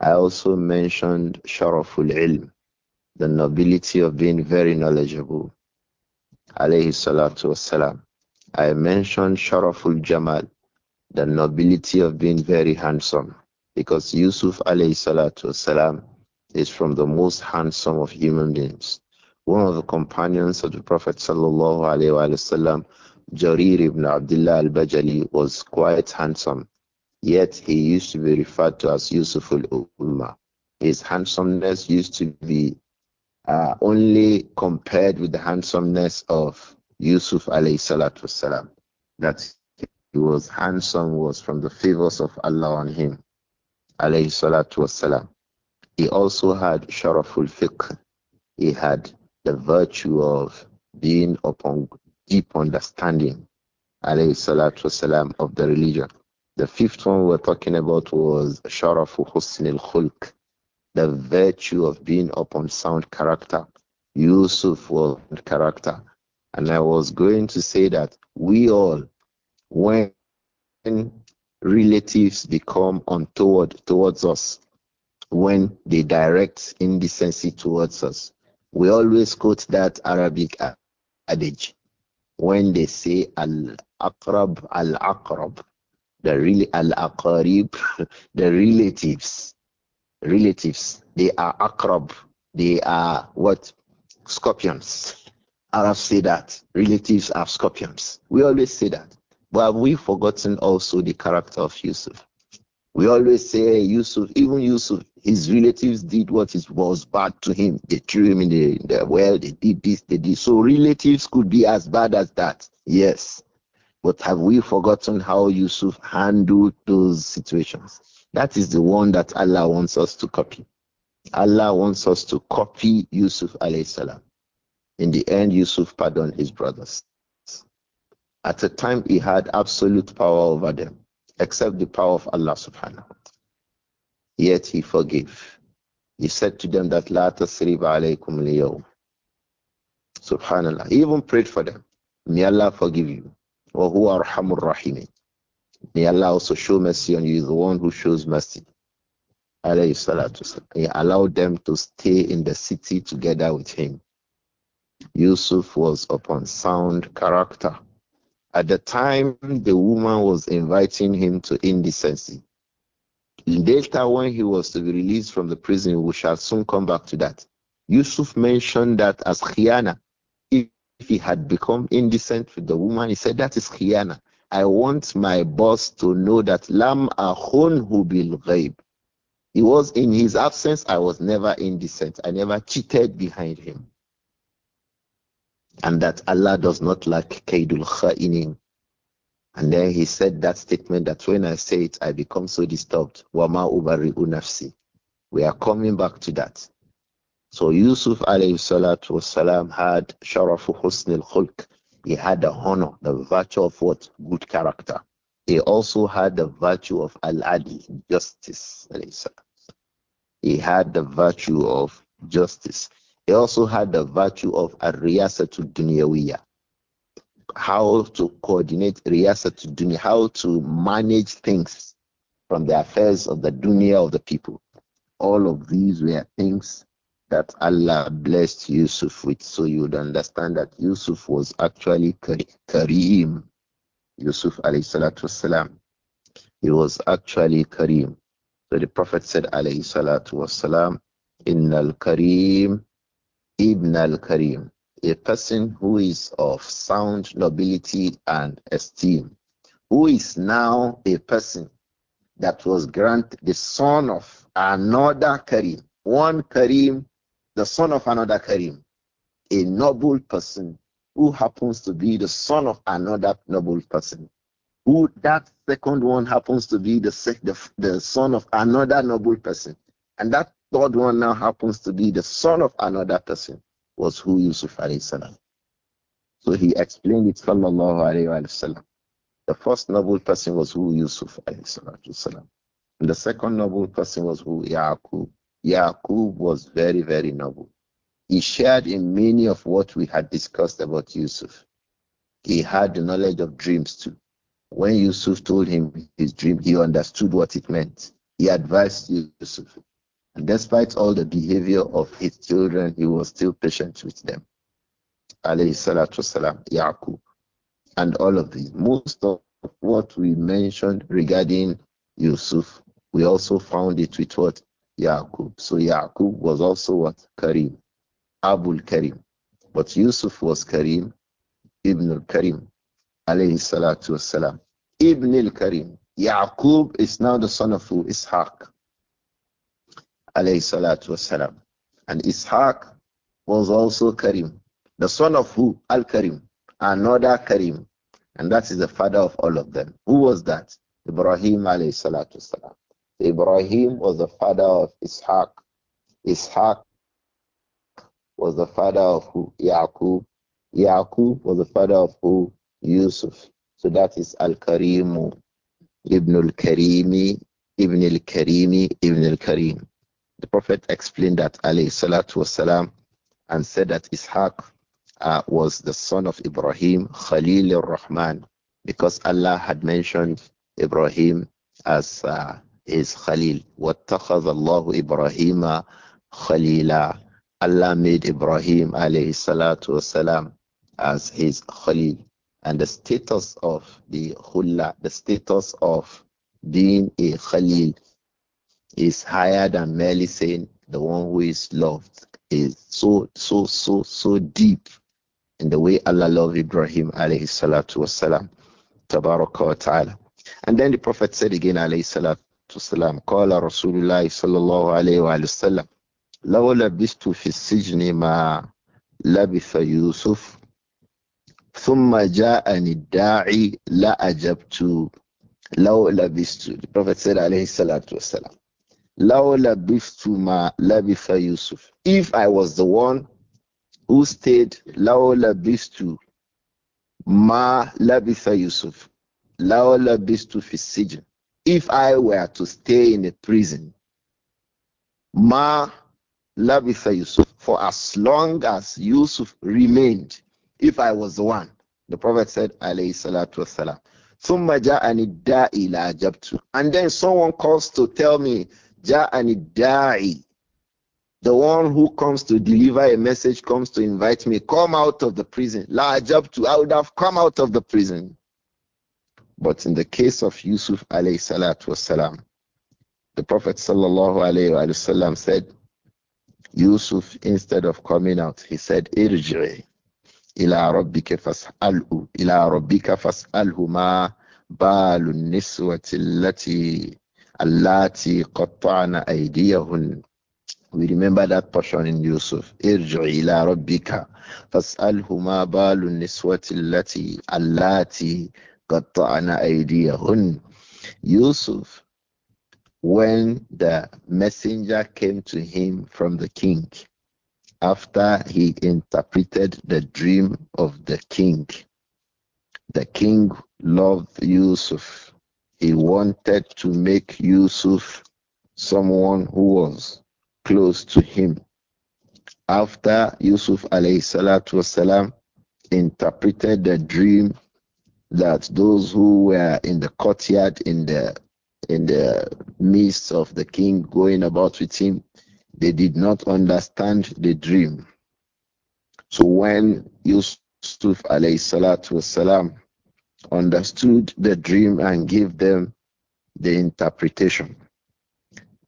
I also mentioned Sharaful Ilm, the nobility of being very knowledgeable. Alayhi salatu wassalam. I mentioned Sharaful Jamal, the nobility of being very handsome. Because Yusuf alayhi salatu wassalam is from the most handsome of human beings. One of the companions of the Prophet وسلم, Jarir ibn Abdullah al-Bajali, was quite handsome, yet he used to be referred to as Yusuf al-Ummah. His handsomeness used to be uh, only compared with the handsomeness of Yusuf alayhi salatu wasalam. That he was handsome was from the favors of Allah on him alayhi salatu wasalam. He also had sharaful fiqh. He had the virtue of being upon deep understanding, alayhi salatu wasalam, of the religion. The fifth one we're talking about was sharaful husn al khulq, the virtue of being upon sound character. Yusuf was character. And I was going to say that we all, when relatives become untoward towards us, when they direct indecency towards us. We always quote that Arabic adage when they say Al Aqrab, Al Aqrab, the really Al Aqarib, the relatives, relatives, they are Aqrab, they are what? Scorpions. Arabs say that relatives are scorpions. We always say that. But have we forgotten also the character of Yusuf? We always say Yusuf, even Yusuf, his relatives did what was bad to him. They threw him in the, in the well, they did this, they did. So relatives could be as bad as that. Yes. But have we forgotten how Yusuf handled those situations? That is the one that Allah wants us to copy. Allah wants us to copy Yusuf alayhi salam. In the end, Yusuf pardoned his brothers. At a time, he had absolute power over them except the power of Allah subhanahu. Yet he forgave. He said to them that La tasriba alaykum liyawm. Subhanallah. He even prayed for them. May Allah forgive you. Wa huwa arhamur rahimin. May Allah also show mercy on you, the one who shows mercy. He allowed them to stay in the city together with him. Yusuf was upon sound character. At the time, the woman was inviting him to indecency. Later, when he was to be released from the prison, we shall soon come back to that. Yusuf mentioned that as khiyana. If he had become indecent with the woman, he said, That is khiyana. I want my boss to know that lam akhunhu bil ghaib. He was in his absence, I was never indecent. I never cheated behind him and that Allah does not lack kaidul kha'inin. And then he said that statement that when I say it, I become so disturbed. Wama ubari unafsi. We are coming back to that. So Yusuf alayhi salatu wasalam had sharafu husnil khulk. He had the honor, the virtue of what? Good character. He also had the virtue of al-adi, justice. He had the virtue of justice. He also had the virtue of to Dunyawiyah. How to coordinate to Dunya, how to manage things from the affairs of the dunya of the people. All of these were things that Allah blessed Yusuf with. So you would understand that Yusuf was actually Kareem. Yusuf alayhi salatu wasalam. He was actually Kareem. So the Prophet said alayhi salatu wasalam, Innal Kareem Ibn al-Karim, a person who is of sound nobility and esteem, who is now a person that was granted the son of another Karim, one Karim, the son of another Karim, a noble person who happens to be the son of another noble person, who that second one happens to be the, the, the son of another noble person, and that third one now happens to be the son of another person, was who Yusuf alayhi salam. So he explained it, sallallahu alayhi wa The first noble person was who Yusuf alayhi salam. And the second noble person was who Yaqub. Yaqub was very, very noble. He shared in many of what we had discussed about Yusuf. He had the knowledge of dreams too. When Yusuf told him his dream, he understood what it meant. He advised Yusuf. And despite all the behavior of his children, he was still patient with them. Alayhi salatu salam, Yaqub. And all of these. Most of what we mentioned regarding Yusuf, we also found it with what? Yaqub. So Yaqub was also what? Karim. Abul Karim. But Yusuf was Karim, Ibn al Karim, alayhi salatu wasalam. Ibn al Karim. Yaqub is now the son of who? Ishaq alayhi salatu wasalam. And Ishaq was also Karim, the son of who? Al Karim, another Karim. And that is the father of all of them. Who was that? Ibrahim alayhi salatu wasalam. Ibrahim was the father of Ishaq. Ishaq was the father of who? Yaqub. Yaqub was the father of who? Yusuf. So that is Al Karimu, Ibn al Karimi, Ibn al Karimi, Ibn al Karim. The Prophet explained that alayhi salatu wasalam and said that Ishaq uh, was the son of Ibrahim, Khalil rahman because Allah had mentioned Ibrahim as uh, his Khalil. وَاتَّخَذَ اللَّهُ إِبْرَاهِيمَ خَلِيلًا Allah made Ibrahim alayhi salatu wasalam as his Khalil. And the status of the Khulla, the status of being a Khalil is higher than merely saying the one who is loved is so, so, so, so deep in the way Allah loved Ibrahim alayhi salatu wasalam. Tabaraka wa ta'ala. And then the Prophet said again alayhi salatu wasalam, Qala Rasulullah sallallahu alayhi wa sallam, لو لبثت في السجن ما لبث يوسف ثم جاءني الداعي لأجبت لو لبثت. The Prophet said alayhi salatu wasalam, Laula biftuma labitha Yusuf. If I was the one who stayed, Laula biftu ma labitha Yusuf. Laula biftu fisijin. If I were to stay in a prison, ma labitha Yusuf for as long as Yusuf remained, if I was the one. The Prophet said, alayhi salatu wasalam. And then someone calls to tell me Ja'ani da'i. The one who comes to deliver a message comes to invite me. Come out of the prison. La ajabtu. I would have come out of the prison. But in the case of Yusuf alayhi salatu wasalam, the Prophet sallallahu alayhi wa sallam said, Yusuf, instead of coming out, he said, Irji'i ila rabbika fas'alhu ila rabbika fas'alhu ma balu niswati Allati qatta'na aydiyahun. We remember that portion in Yusuf. Irju ila rabbika fas'alhu ma balu niswati allati allati qatta'na aydiyahun. Yusuf, when the messenger came to him from the king, after he interpreted the dream of the king, the king loved Yusuf he wanted to make Yusuf someone who was close to him. After Yusuf alayhi salatu wasalam interpreted the dream that those who were in the courtyard in the in the midst of the king going about with him, they did not understand the dream. So when Yusuf alayhi salatu wasalam understood the dream and gave them the interpretation.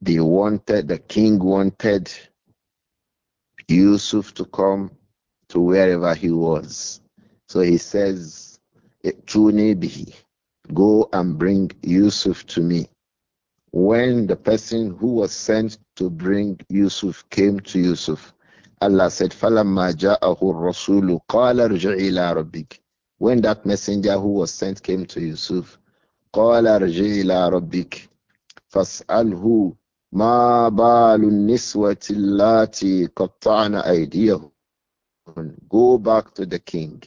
They wanted, the king wanted Yusuf to come to wherever he was. So he says, eh, to bihi, go and bring Yusuf to me. When the person who was sent to bring Yusuf came to Yusuf, Allah said, فَلَمَّا جَاءَهُ الرَّسُولُ قَالَ رُجْعِ إِلَىٰ رَبِّكِ when that messenger who was sent came to Yusuf, قال ارجع إلى ربك فاسأله ما بال النسوة اللاتي Go back to the king.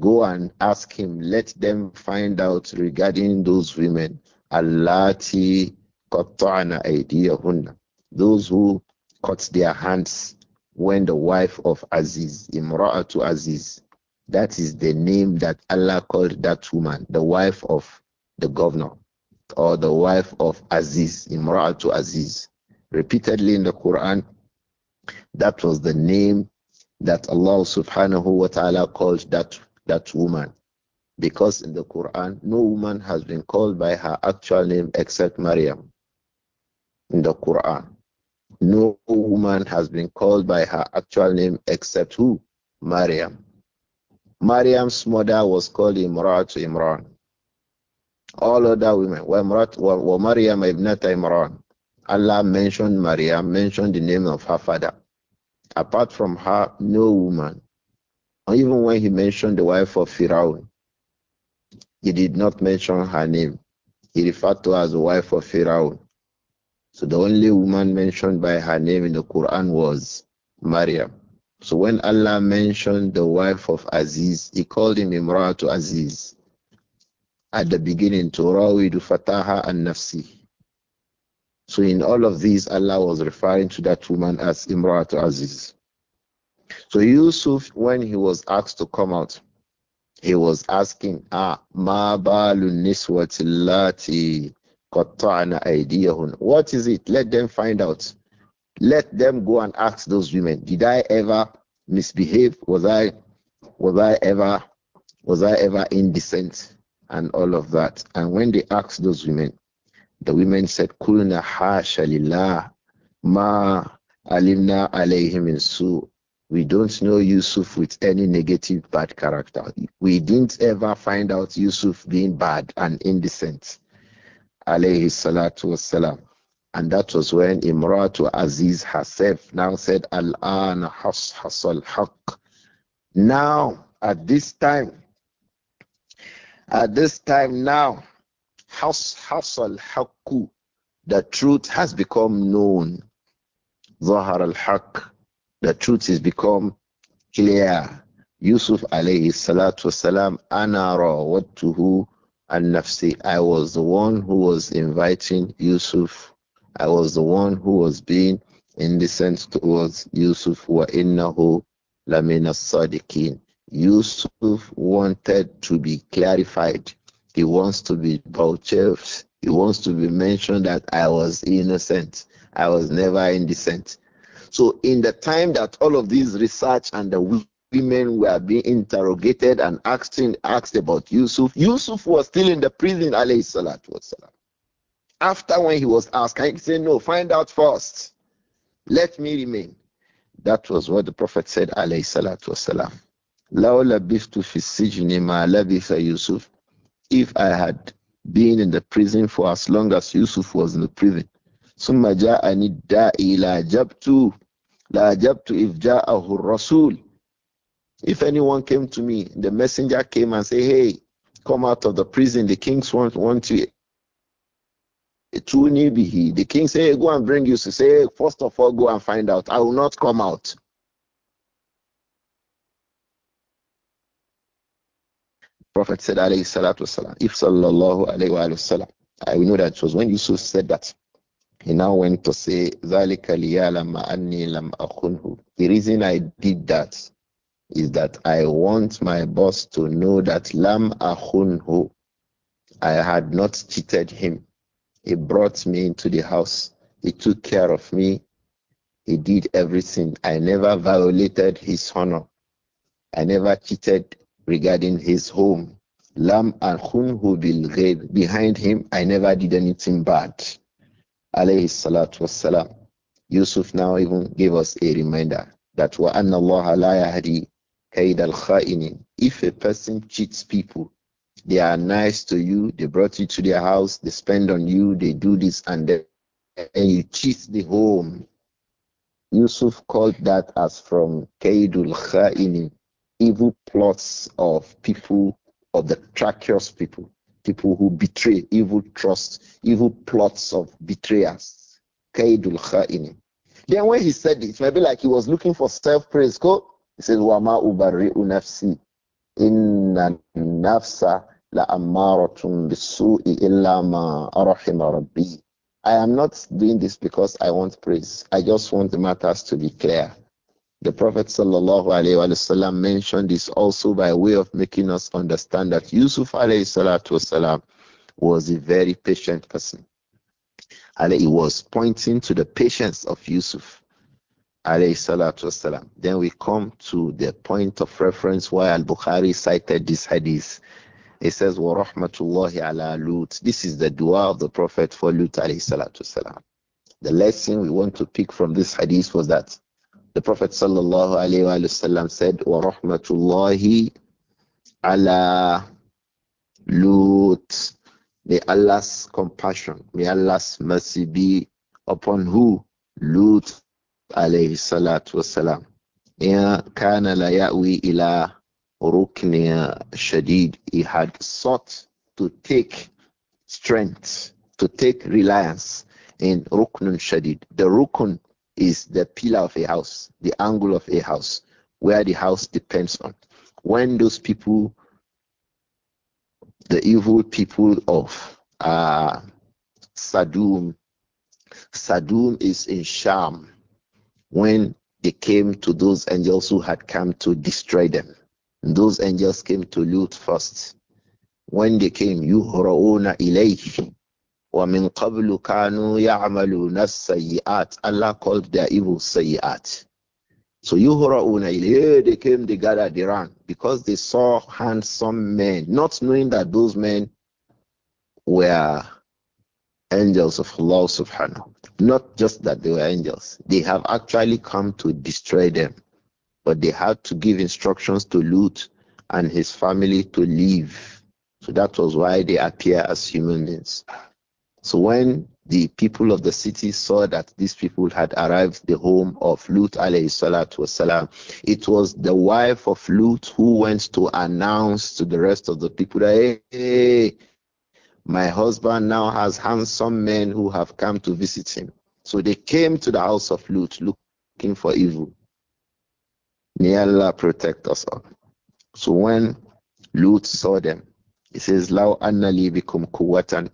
Go and ask him. Let them find out regarding those women. Allati qatta'na Those who cut their hands when the wife of Aziz, Imra'atu Aziz, that is the name that Allah called that woman, the wife of the governor, or the wife of Aziz, immoral to Aziz. Repeatedly in the Quran, that was the name that Allah subhanahu wa ta'ala called that, that woman. Because in the Quran, no woman has been called by her actual name except Maryam. In the Quran, no woman has been called by her actual name except who? Maryam. Mariam's mother was called to Imran. All other women were Mariam Ibnata Imran. Allah mentioned Mariam, mentioned the name of her father. Apart from her, no woman. And even when he mentioned the wife of Firaun, he did not mention her name. He referred to her as the wife of Firaun. So the only woman mentioned by her name in the Quran was Mariam. So when Allah mentioned the wife of Aziz, he called him Imra'atu Aziz. At the beginning, to Rawidu Fataha and Nafsi. So in all of these, Allah was referring to that woman as Imra'atu Aziz. So Yusuf, when he was asked to come out, he was asking, Ah, ma niswati lati What is it? Let them find out. Let them go and ask those women, did I ever misbehave? Was I was I ever was I ever indecent? And all of that. And when they asked those women, the women said, Kulna hasha ma alimna alayhim su. We don't know Yusuf with any negative bad character. We didn't ever find out Yusuf being bad and indecent. Alayhi salatu wassalam. And that was when Imratu Aziz herself now said, Al-an has hasal haq. Now, at this time, at this time now, has hasal haqu. The truth has become known. Zahar al-haq. The truth has become clear. Yusuf alayhi salatu wasalam, ana rawattuhu an-nafsi. I was the one who was inviting Yusuf I was the one who was being indecent towards Yusuf wa innahu lamina sadiqin. Yusuf wanted to be clarified. He wants to be vouchsafed. He wants to be mentioned that I was innocent. I was never indecent. So in the time that all of these research and the women were being interrogated and asked, asked about Yusuf, Yusuf was still in the prison, alayhi salatu wasalam after when he was asked, can said, say no? Find out first. Let me remain. That was what the Prophet said, alayhi salatu wasalam. Laula biftu fi sijni ma Yusuf. If I had been in the prison for as long as Yusuf was in the prison. Summa ja'ani da'i la jabtu. jabtu if rasul. If anyone came to me, the messenger came and said, hey, come out of the prison. The kings want, want you True he. The king say, Go and bring you. say, First of all, go and find out. I will not come out. Prophet said, alayhi salatu wasalam, if sallallahu alayhi wa sallam, I know that it was when Yusuf said that, he now went to say, ذَلِكَ لِيَعْلَمَ أَنِّي لَمْ The reason I did that is that I want my boss to know that lam akhunhu, I had not cheated him. He brought me into the house. He took care of me. He did everything. I never violated his honor. I never cheated regarding his home. Lam and who bil Behind him, I never did anything bad. Alayhi salatu wassalam. Yusuf now even gave us a reminder that wa anna Allah la yahdi kaid al If a person cheats people, they are nice to you. They brought you to their house. They spend on you. They do this and that. And you cheat the home. Yusuf called that as from Kaidul Kha'ini, evil plots of people, of the treacherous people, people who betray, evil trust, evil plots of betrayers. Kaidul Kha'ini. Then when he said it, it might be like he was looking for self-praise. Go, he says Wama ubari'u nafsi. Inna nafsa بِالسُّوءِ إِلَّا مَا أَرَحِمَ رَبِّي I am not doing this because I want praise. I just want the matters to be clear. The Prophet وسلم, mentioned this also by way of making us understand that Yusuf والسلام, was a very patient person. He was pointing to the patience of Yusuf. Then we come to the point of reference why Al Bukhari cited this hadith he says, Wa rahmatullahi ala Lut. This is the dua of the Prophet for Lut alayhi salatu salam. The lesson we want to pick from this hadith was that the Prophet sallallahu alayhi wa sallam said, Wa rahmatullahi ala Lut. May Allah's compassion, may Allah's mercy be upon who? Lut alayhi salatu wasalam. إن كان لا يأوي إلى Rukniya Shadid, he had sought to take strength, to take reliance in Ruknun Shadid. The rukun is the pillar of a house, the angle of a house, where the house depends on. When those people, the evil people of uh, Sadum, Sadum is in Sham, when they came to those angels who had come to destroy them those angels came to loot first. When they came, يُهْرَؤُونَ إِلَيْهِ وَمِنْ قَبْلُ كَانُوا يَعْمَلُونَ السَّيِّئَاتِ Allah called their evil sayyat. So يُهْرَؤُونَ إِلَيْهِ They came, they gathered, they ran. Because they saw handsome men, not knowing that those men were angels of Allah subhanahu. Not just that they were angels, they have actually come to destroy them but they had to give instructions to Lut and his family to leave. So that was why they appear as human beings. So when the people of the city saw that these people had arrived the home of Lut alayhi salatu wasalam, it was the wife of Lut who went to announce to the rest of the people that, hey, hey my husband now has handsome men who have come to visit him. So they came to the house of Lut looking for evil. May Allah protect us all. So when Lut saw them, he says, Law annali bikum kuwatan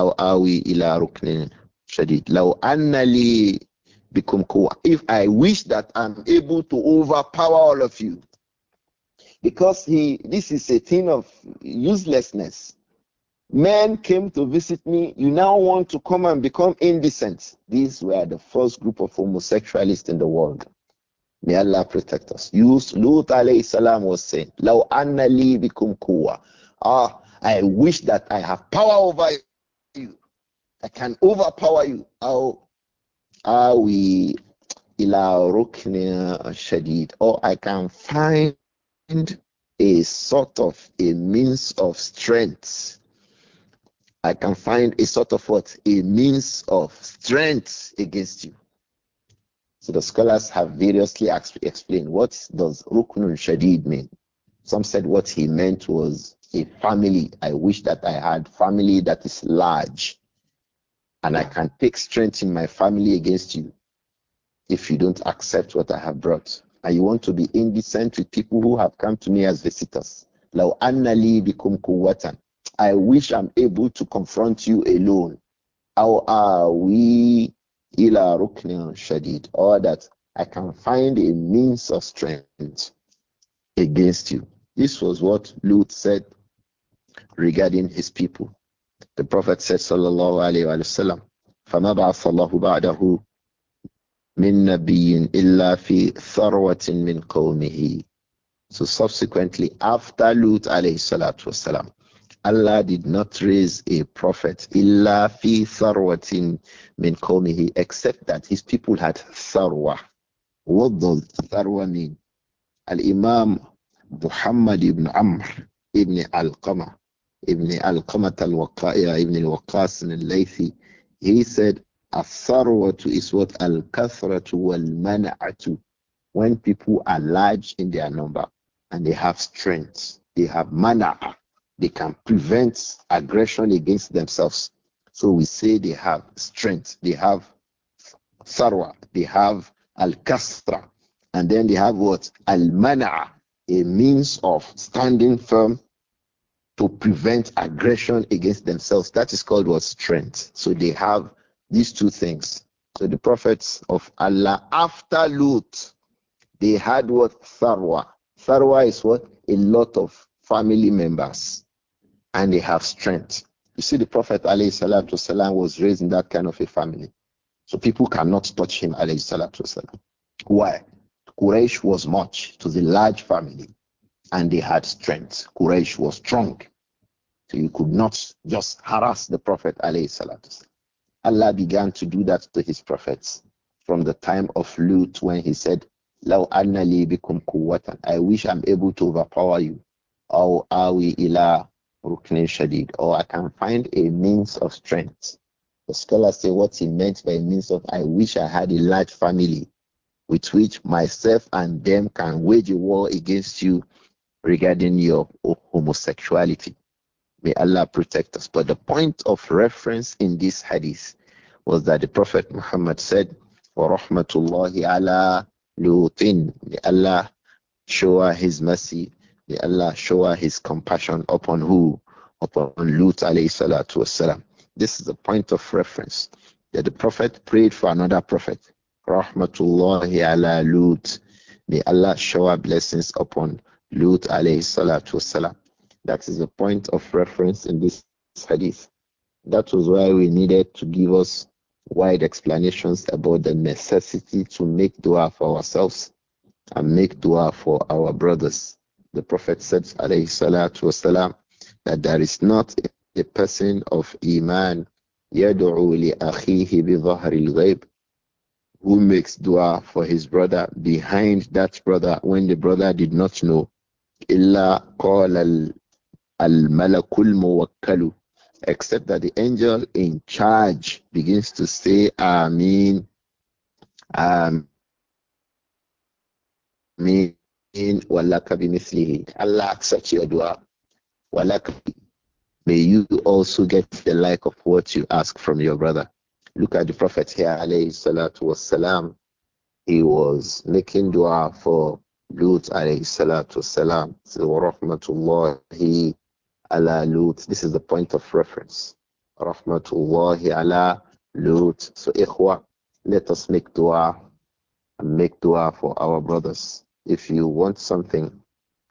aw awi ila ruknin shadid. Law annali bikum kuwa. If I wish that I'm able to overpower all of you. Because he this is a thing of uselessness. Men came to visit me. You now want to come and become indecent. These were the first group of homosexualists in the world. May Allah protect us. Yus, Lut alayhi salam was saying, Law anna li bikum kuwa. Ah, I wish that I have power over you. I can overpower you. How are we ila ruknin shadid? Or oh, I can find a sort of a means of strength. I can find a sort of what? A means of strength against you. So the scholars have variously explained what does Rukunun Shadid mean. Some said what he meant was a family. I wish that I had family that is large, and I can take strength in my family against you if you don't accept what I have brought. And you want to be indecent with people who have come to me as visitors. Law annali bikum kuwatan. I wish I'm able to confront you alone. How are we ila ruknin shadid, or that I can find a means of strength against you. This was what Lut said regarding his people. The Prophet said, Sallallahu Alaihi Wasallam, فَمَا بَعَثَ اللَّهُ بَعْدَهُ مِن نَبِيٍّ إِلَّا فِي ثَرْوَةٍ مِّن So subsequently, after Lut alayhi salatu wasalam, Allah did not raise a prophet illa fi sarwatin min qawmihi except that his people had sarwa. What does sarwa mean? Al-Imam Muhammad ibn Amr ibn Al-Qama ibn Al-Qama al-Waqa'i ibn Al-Waqas al-Laythi he said as-sarwatu is what al-kathratu wal-man'atu when people are large in their number and they have strength they have mana'ah they can prevent aggression against themselves. So we say they have strength, they have sarwa, they have al kasra, and then they have what? Al mana'a, a means of standing firm to prevent aggression against themselves. That is called what? Strength. So they have these two things. So the prophets of Allah after Lut, they had what? Sarwa. Sarwa is what? A lot of family members and they have strength. You see, the Prophet والسلام, was raised in that kind of a family. So people cannot touch him. Why? Quraysh was much to the large family and they had strength. Quraysh was strong. So you could not just harass the Prophet. Allah began to do that to his prophets from the time of Lut when he said, Law anna li bikum I wish I'm able to overpower you. أو آوي إلى ركن shadid or I can find a means of strength. The scholars say what he meant by means of I wish I had a large family with which myself and them can wage a war against you regarding your homosexuality. May Allah protect us. But the point of reference in this hadith was that the Prophet Muhammad said, وَرَحْمَةُ اللَّهِ عَلَى لُوطٍ May Allah show his mercy May Allah shower His compassion upon who? Upon Lut alayhi salatu wasalam. This is a point of reference that the Prophet prayed for another Prophet. Rahmatullahi ala Lut. May Allah blessings upon Lut salatu wasalam. That is a point of reference in this hadith. That was why we needed to give us wide explanations about the necessity to make dua for ourselves and make dua for our brothers. The Prophet said, salatu wasalam, that there is not a person of Iman who makes dua for his brother behind that brother when the brother did not know. Except that the angel in charge begins to say, Ameen, Ameen walaka bimislihi. Allah accept your dua. Walaka. May you also get the like of what you ask from your brother. Look at the Prophet here, alayhi salatu wassalam. He was making dua for Lut, alayhi salatu wassalam. So, rahmatullahi ala Lut. This is the point of reference. Rahmatullahi ala Lut. So, ikhwa, let us make dua and make dua for our brothers. If you want something,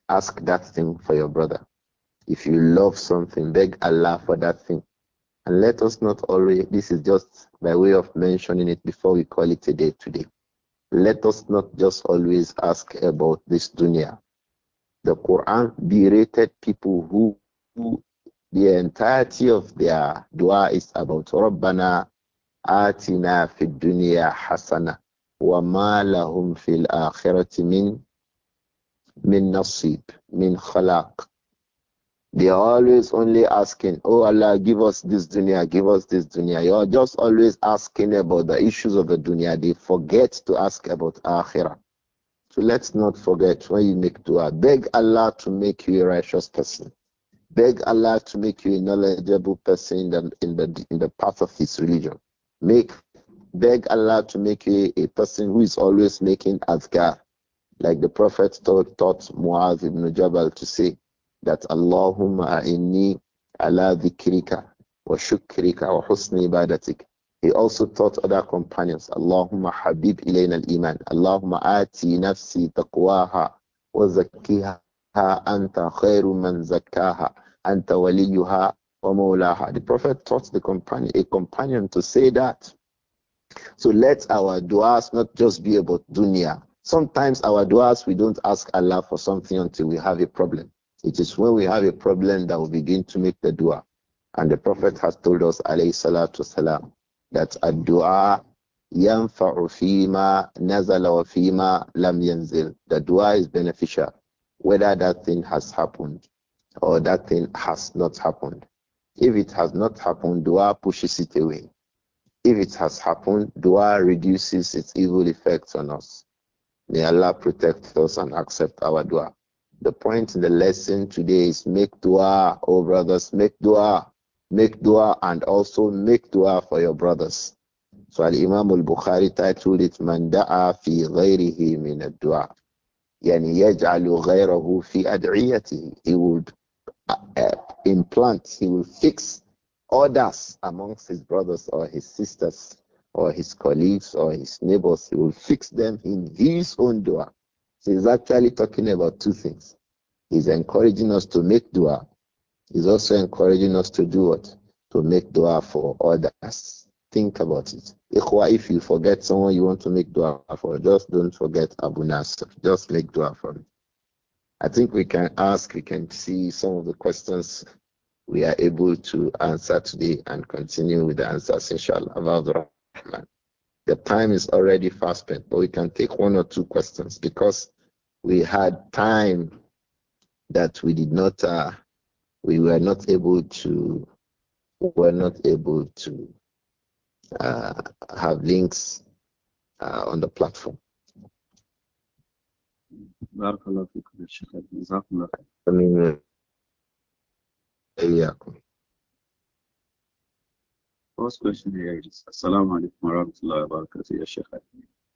ask that thing for your brother. If you love something, beg Allah for that thing. And let us not always, this is just by way of mentioning it before we call it a day today. Let us not just always ask about this dunya. The Quran berated people who, who the entirety of their dua is about Rabbana atina fid dunya hasana وَمَا لَهُمْ فِي الْآخِرَةِ مِنْ مِنْ نَصِيب مِنْ خَلَاقٍ They are always only asking, Oh Allah, give us this dunya, give us this dunya. You are just always asking about the issues of the dunya. They forget to ask about akhirah. So let's not forget when you make dua. Beg Allah to make you a righteous person. Beg Allah to make you a knowledgeable person in the, in the, in the path of His religion. Make Beg Allah to make you a person who is always making azkar, Like the Prophet taught, taught Muaz ibn Jabal to say that Allahumma inni ala dhikrika wa shukrika wa husni ibadatik. He also taught other companions, Allahumma habib ilayna al-iman, Allahumma ati nafsi taqwaha wa zakkiha anta khairu man zakkaha, anta waliyuha wa mawlaha. The Prophet taught the companion, a companion to say that. So let our du'as not just be about dunya. Sometimes our du'as, we don't ask Allah for something until we have a problem. It is when we have a problem that we begin to make the dua. And the Prophet has told us, alayhi salatu salam, that a dua yanfa'u fima nazala wa fima lam yanzil. The dua is beneficial, whether that thing has happened or that thing has not happened. If it has not happened, dua pushes it away. If it has happened, dua reduces its evil effects on us. May Allah protect us and accept our dua. The point in the lesson today is make dua, oh brothers, make dua, make dua, and also make dua for your brothers. So Al Imam Al Bukhari titled it "Man da'a fi ghairihi min ad-du'a." Yani yaj'alu ghayrahu fi ad'iyatihi. He would uh, implant, he will fix others amongst his brothers or his sisters or his colleagues or his neighbors. He will fix them in his own dua. So he's actually talking about two things. He's encouraging us to make dua. He's also encouraging us to do what? To make dua for others. Think about it. If you forget someone you want to make dua for, just don't forget Abu Nasr. Just make dua for him. I think we can ask, we can see some of the questions we are able to answer today and continue with the answers, inshallah. About The time is already fast spent, but we can take one or two questions because we had time that we did not, uh, we were not able to, were not able to uh, have links uh, on the platform. First question here is Assalamu alaikum wa rahmatullahi wa barakatuh, Ya Sheikh.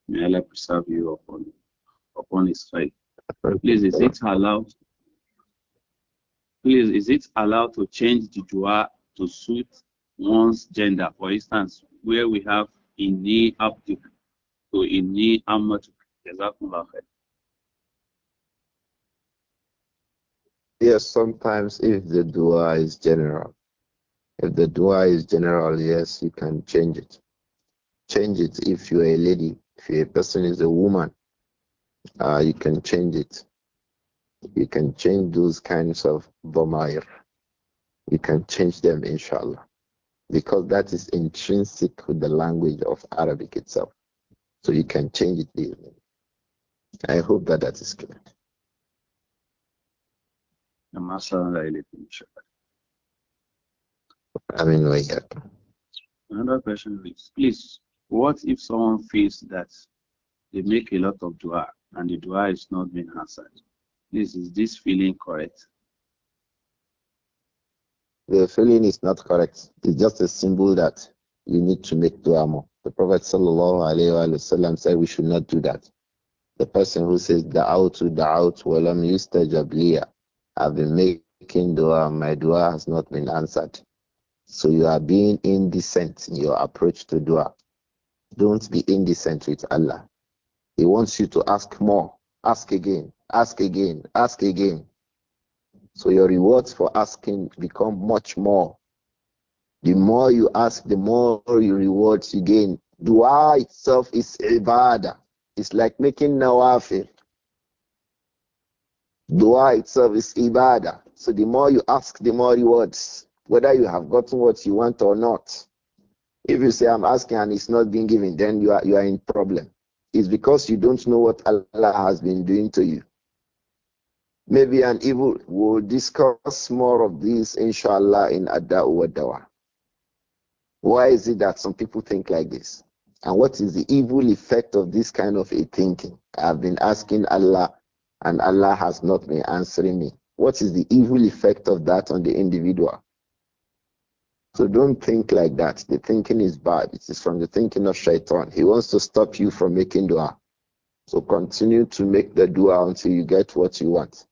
May Allah preserve you upon, upon His faith. Please, is it allowed? Please, is it allowed to change the dua to suit one's gender? For instance, where we have inni abdik to inni amatuk. Jazakumullah khair. Yes, sometimes if the dua is general. If the dua is general, yes, you can change it. Change it if you're a lady. If a person is a woman, uh, you can change it. You can change those kinds of domair. You can change them, inshallah, because that is intrinsic with the language of Arabic itself. So you can change it. I hope that that is clear. Masada Upanishad. Amin Vaya. Another question is, please, what if someone feels that they make a lot of dua and the dua is not being answered? is this feeling correct? The feeling is not correct. It's just a symbol that you need to make dua more. The Prophet wasallam said we should not do that. The person who says to I'm used to jabliya. I've been making dua, my dua has not been answered. So you are being indecent in your approach to dua. Don't be indecent with Allah. He wants you to ask more, ask again, ask again, ask again. So your rewards for asking become much more. The more you ask, the more you rewards you gain. Dua itself is ibadah. It's like making nawafil. Dua itself is ibadah. So the more you ask, the more rewards, whether you have gotten what you want or not. If you say, I'm asking and it's not being given, then you are, you are in problem. It's because you don't know what Allah has been doing to you. Maybe an evil, we'll discuss more of this, inshallah, in Adda'u wa Dawa. Why is it that some people think like this? And what is the evil effect of this kind of a thinking? I've been asking Allah and Allah has not been answering me. What is the evil effect of that on the individual? So don't think like that. The thinking is bad. It is from the thinking of shaitan. He wants to stop you from making dua. So continue to make the dua until you get what you want.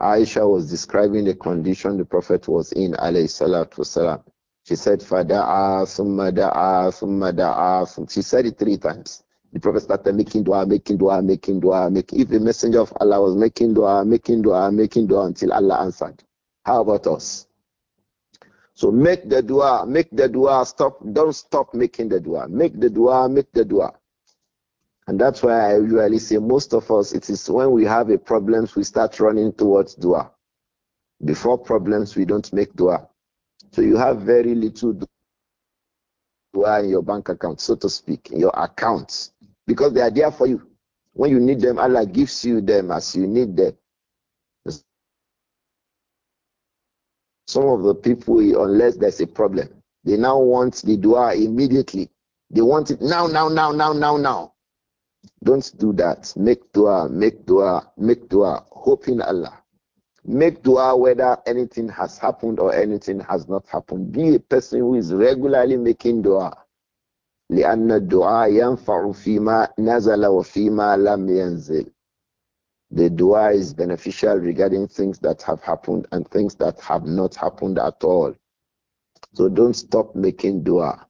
Aisha was describing the condition the Prophet was in, alayhi salatu wasalam. She said, Fada'a, summa da'a, summa da'a. She said it three times. The Prophet started making dua, making dua, making dua, making. If the Messenger of Allah was making dua, making dua, making dua until Allah answered. How about us? So make the dua, make the dua, stop, don't stop making the dua. Make the dua, make the dua. And that's why I usually say most of us, it is when we have a problems, we start running towards dua. Before problems, we don't make dua. So you have very little dua in your bank account, so to speak, in your accounts because they are there for you. When you need them, Allah gives you them as you need them. Some of the people, unless there's a problem, they now want the dua immediately. They want it now, now, now, now, now, now. Don't do that. Make dua, make dua, make dua. Hope in Allah. Make dua whether anything has happened or anything has not happened. Be a person who is regularly making dua. لأن الدعاء ينفع فيما نزل وفيما لم ينزل the dua is beneficial regarding things that have happened and things that have not happened at all. So don't stop making dua.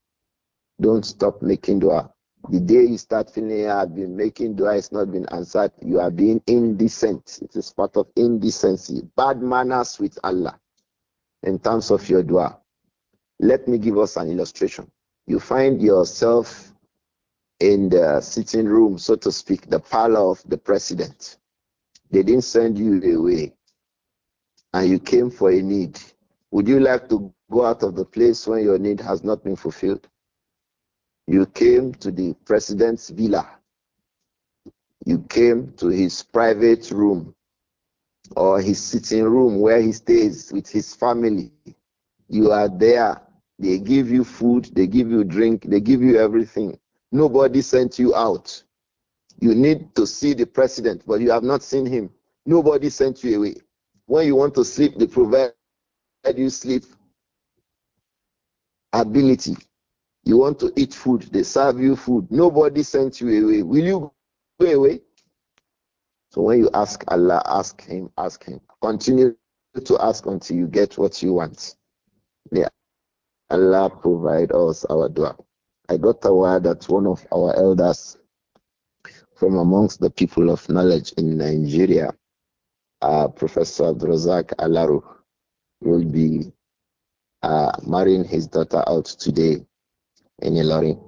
Don't stop making dua. The day you start feeling I've been making dua, it's not been answered. You are being indecent. It is part of indecency, bad manners with Allah in terms of your dua. Let me give us an illustration you find yourself in the sitting room, so to speak, the parlor of the president. They didn't send you away, and you came for a need. Would you like to go out of the place when your need has not been fulfilled? You came to the president's villa. You came to his private room or his sitting room where he stays with his family. You are there they give you food, they give you drink, they give you everything. Nobody sent you out. You need to see the president, but you have not seen him. Nobody sent you away. When you want to sleep, they provide you sleep ability. You want to eat food, they serve you food. Nobody sent you away. Will you go away? So when you ask Allah, ask Him, ask Him. Continue to ask until you get what you want. Yeah. Allah provide us our dua. I got a word that one of our elders from amongst the people of knowledge in Nigeria, uh, Professor Abdrazak Alaru, will be uh, marrying his daughter out today in Ilori.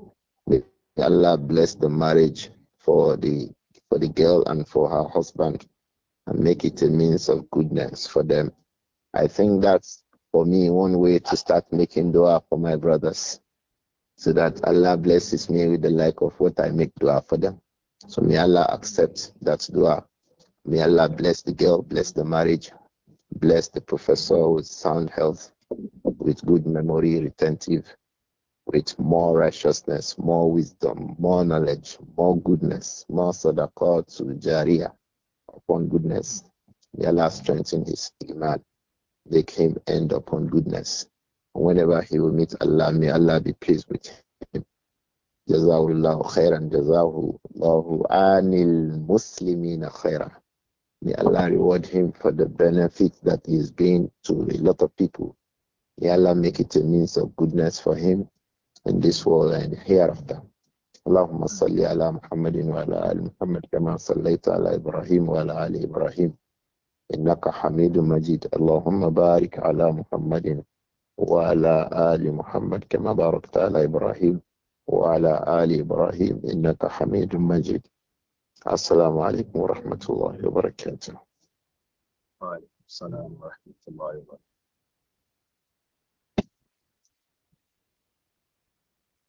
May Allah bless the marriage for the for the girl and for her husband and make it a means of goodness for them. I think that's for me one way to start making dua for my brothers so that Allah blesses me with the like of what I make dua for them. So may Allah accept that dua. May Allah bless the girl, bless the marriage, bless the professor with sound health, with good memory, retentive, with more righteousness, more wisdom, more knowledge, more goodness, more sadaqah to jariyah upon goodness. May Allah strengthen his iman they came end upon goodness. Whenever he will meet Allah, may Allah be pleased with him. Jazawullahu khairan, jazawullahu anil muslimina khairan. May Allah reward him for the benefit that he has been to a lot of people. May Allah make it a means of goodness for him in this world and hereafter. اللهم صل wa محمد وعلى Muhammad kama كما ala Ibrahim wa وعلى ال Ibrahim. إنك حميد مجيد اللهم بارك على محمد وعلى آل محمد كما باركت على إبراهيم وعلى آل إبراهيم إنك حميد مجيد السلام عليكم ورحمة الله وبركاته وعليكم السلام ورحمة الله وبركاته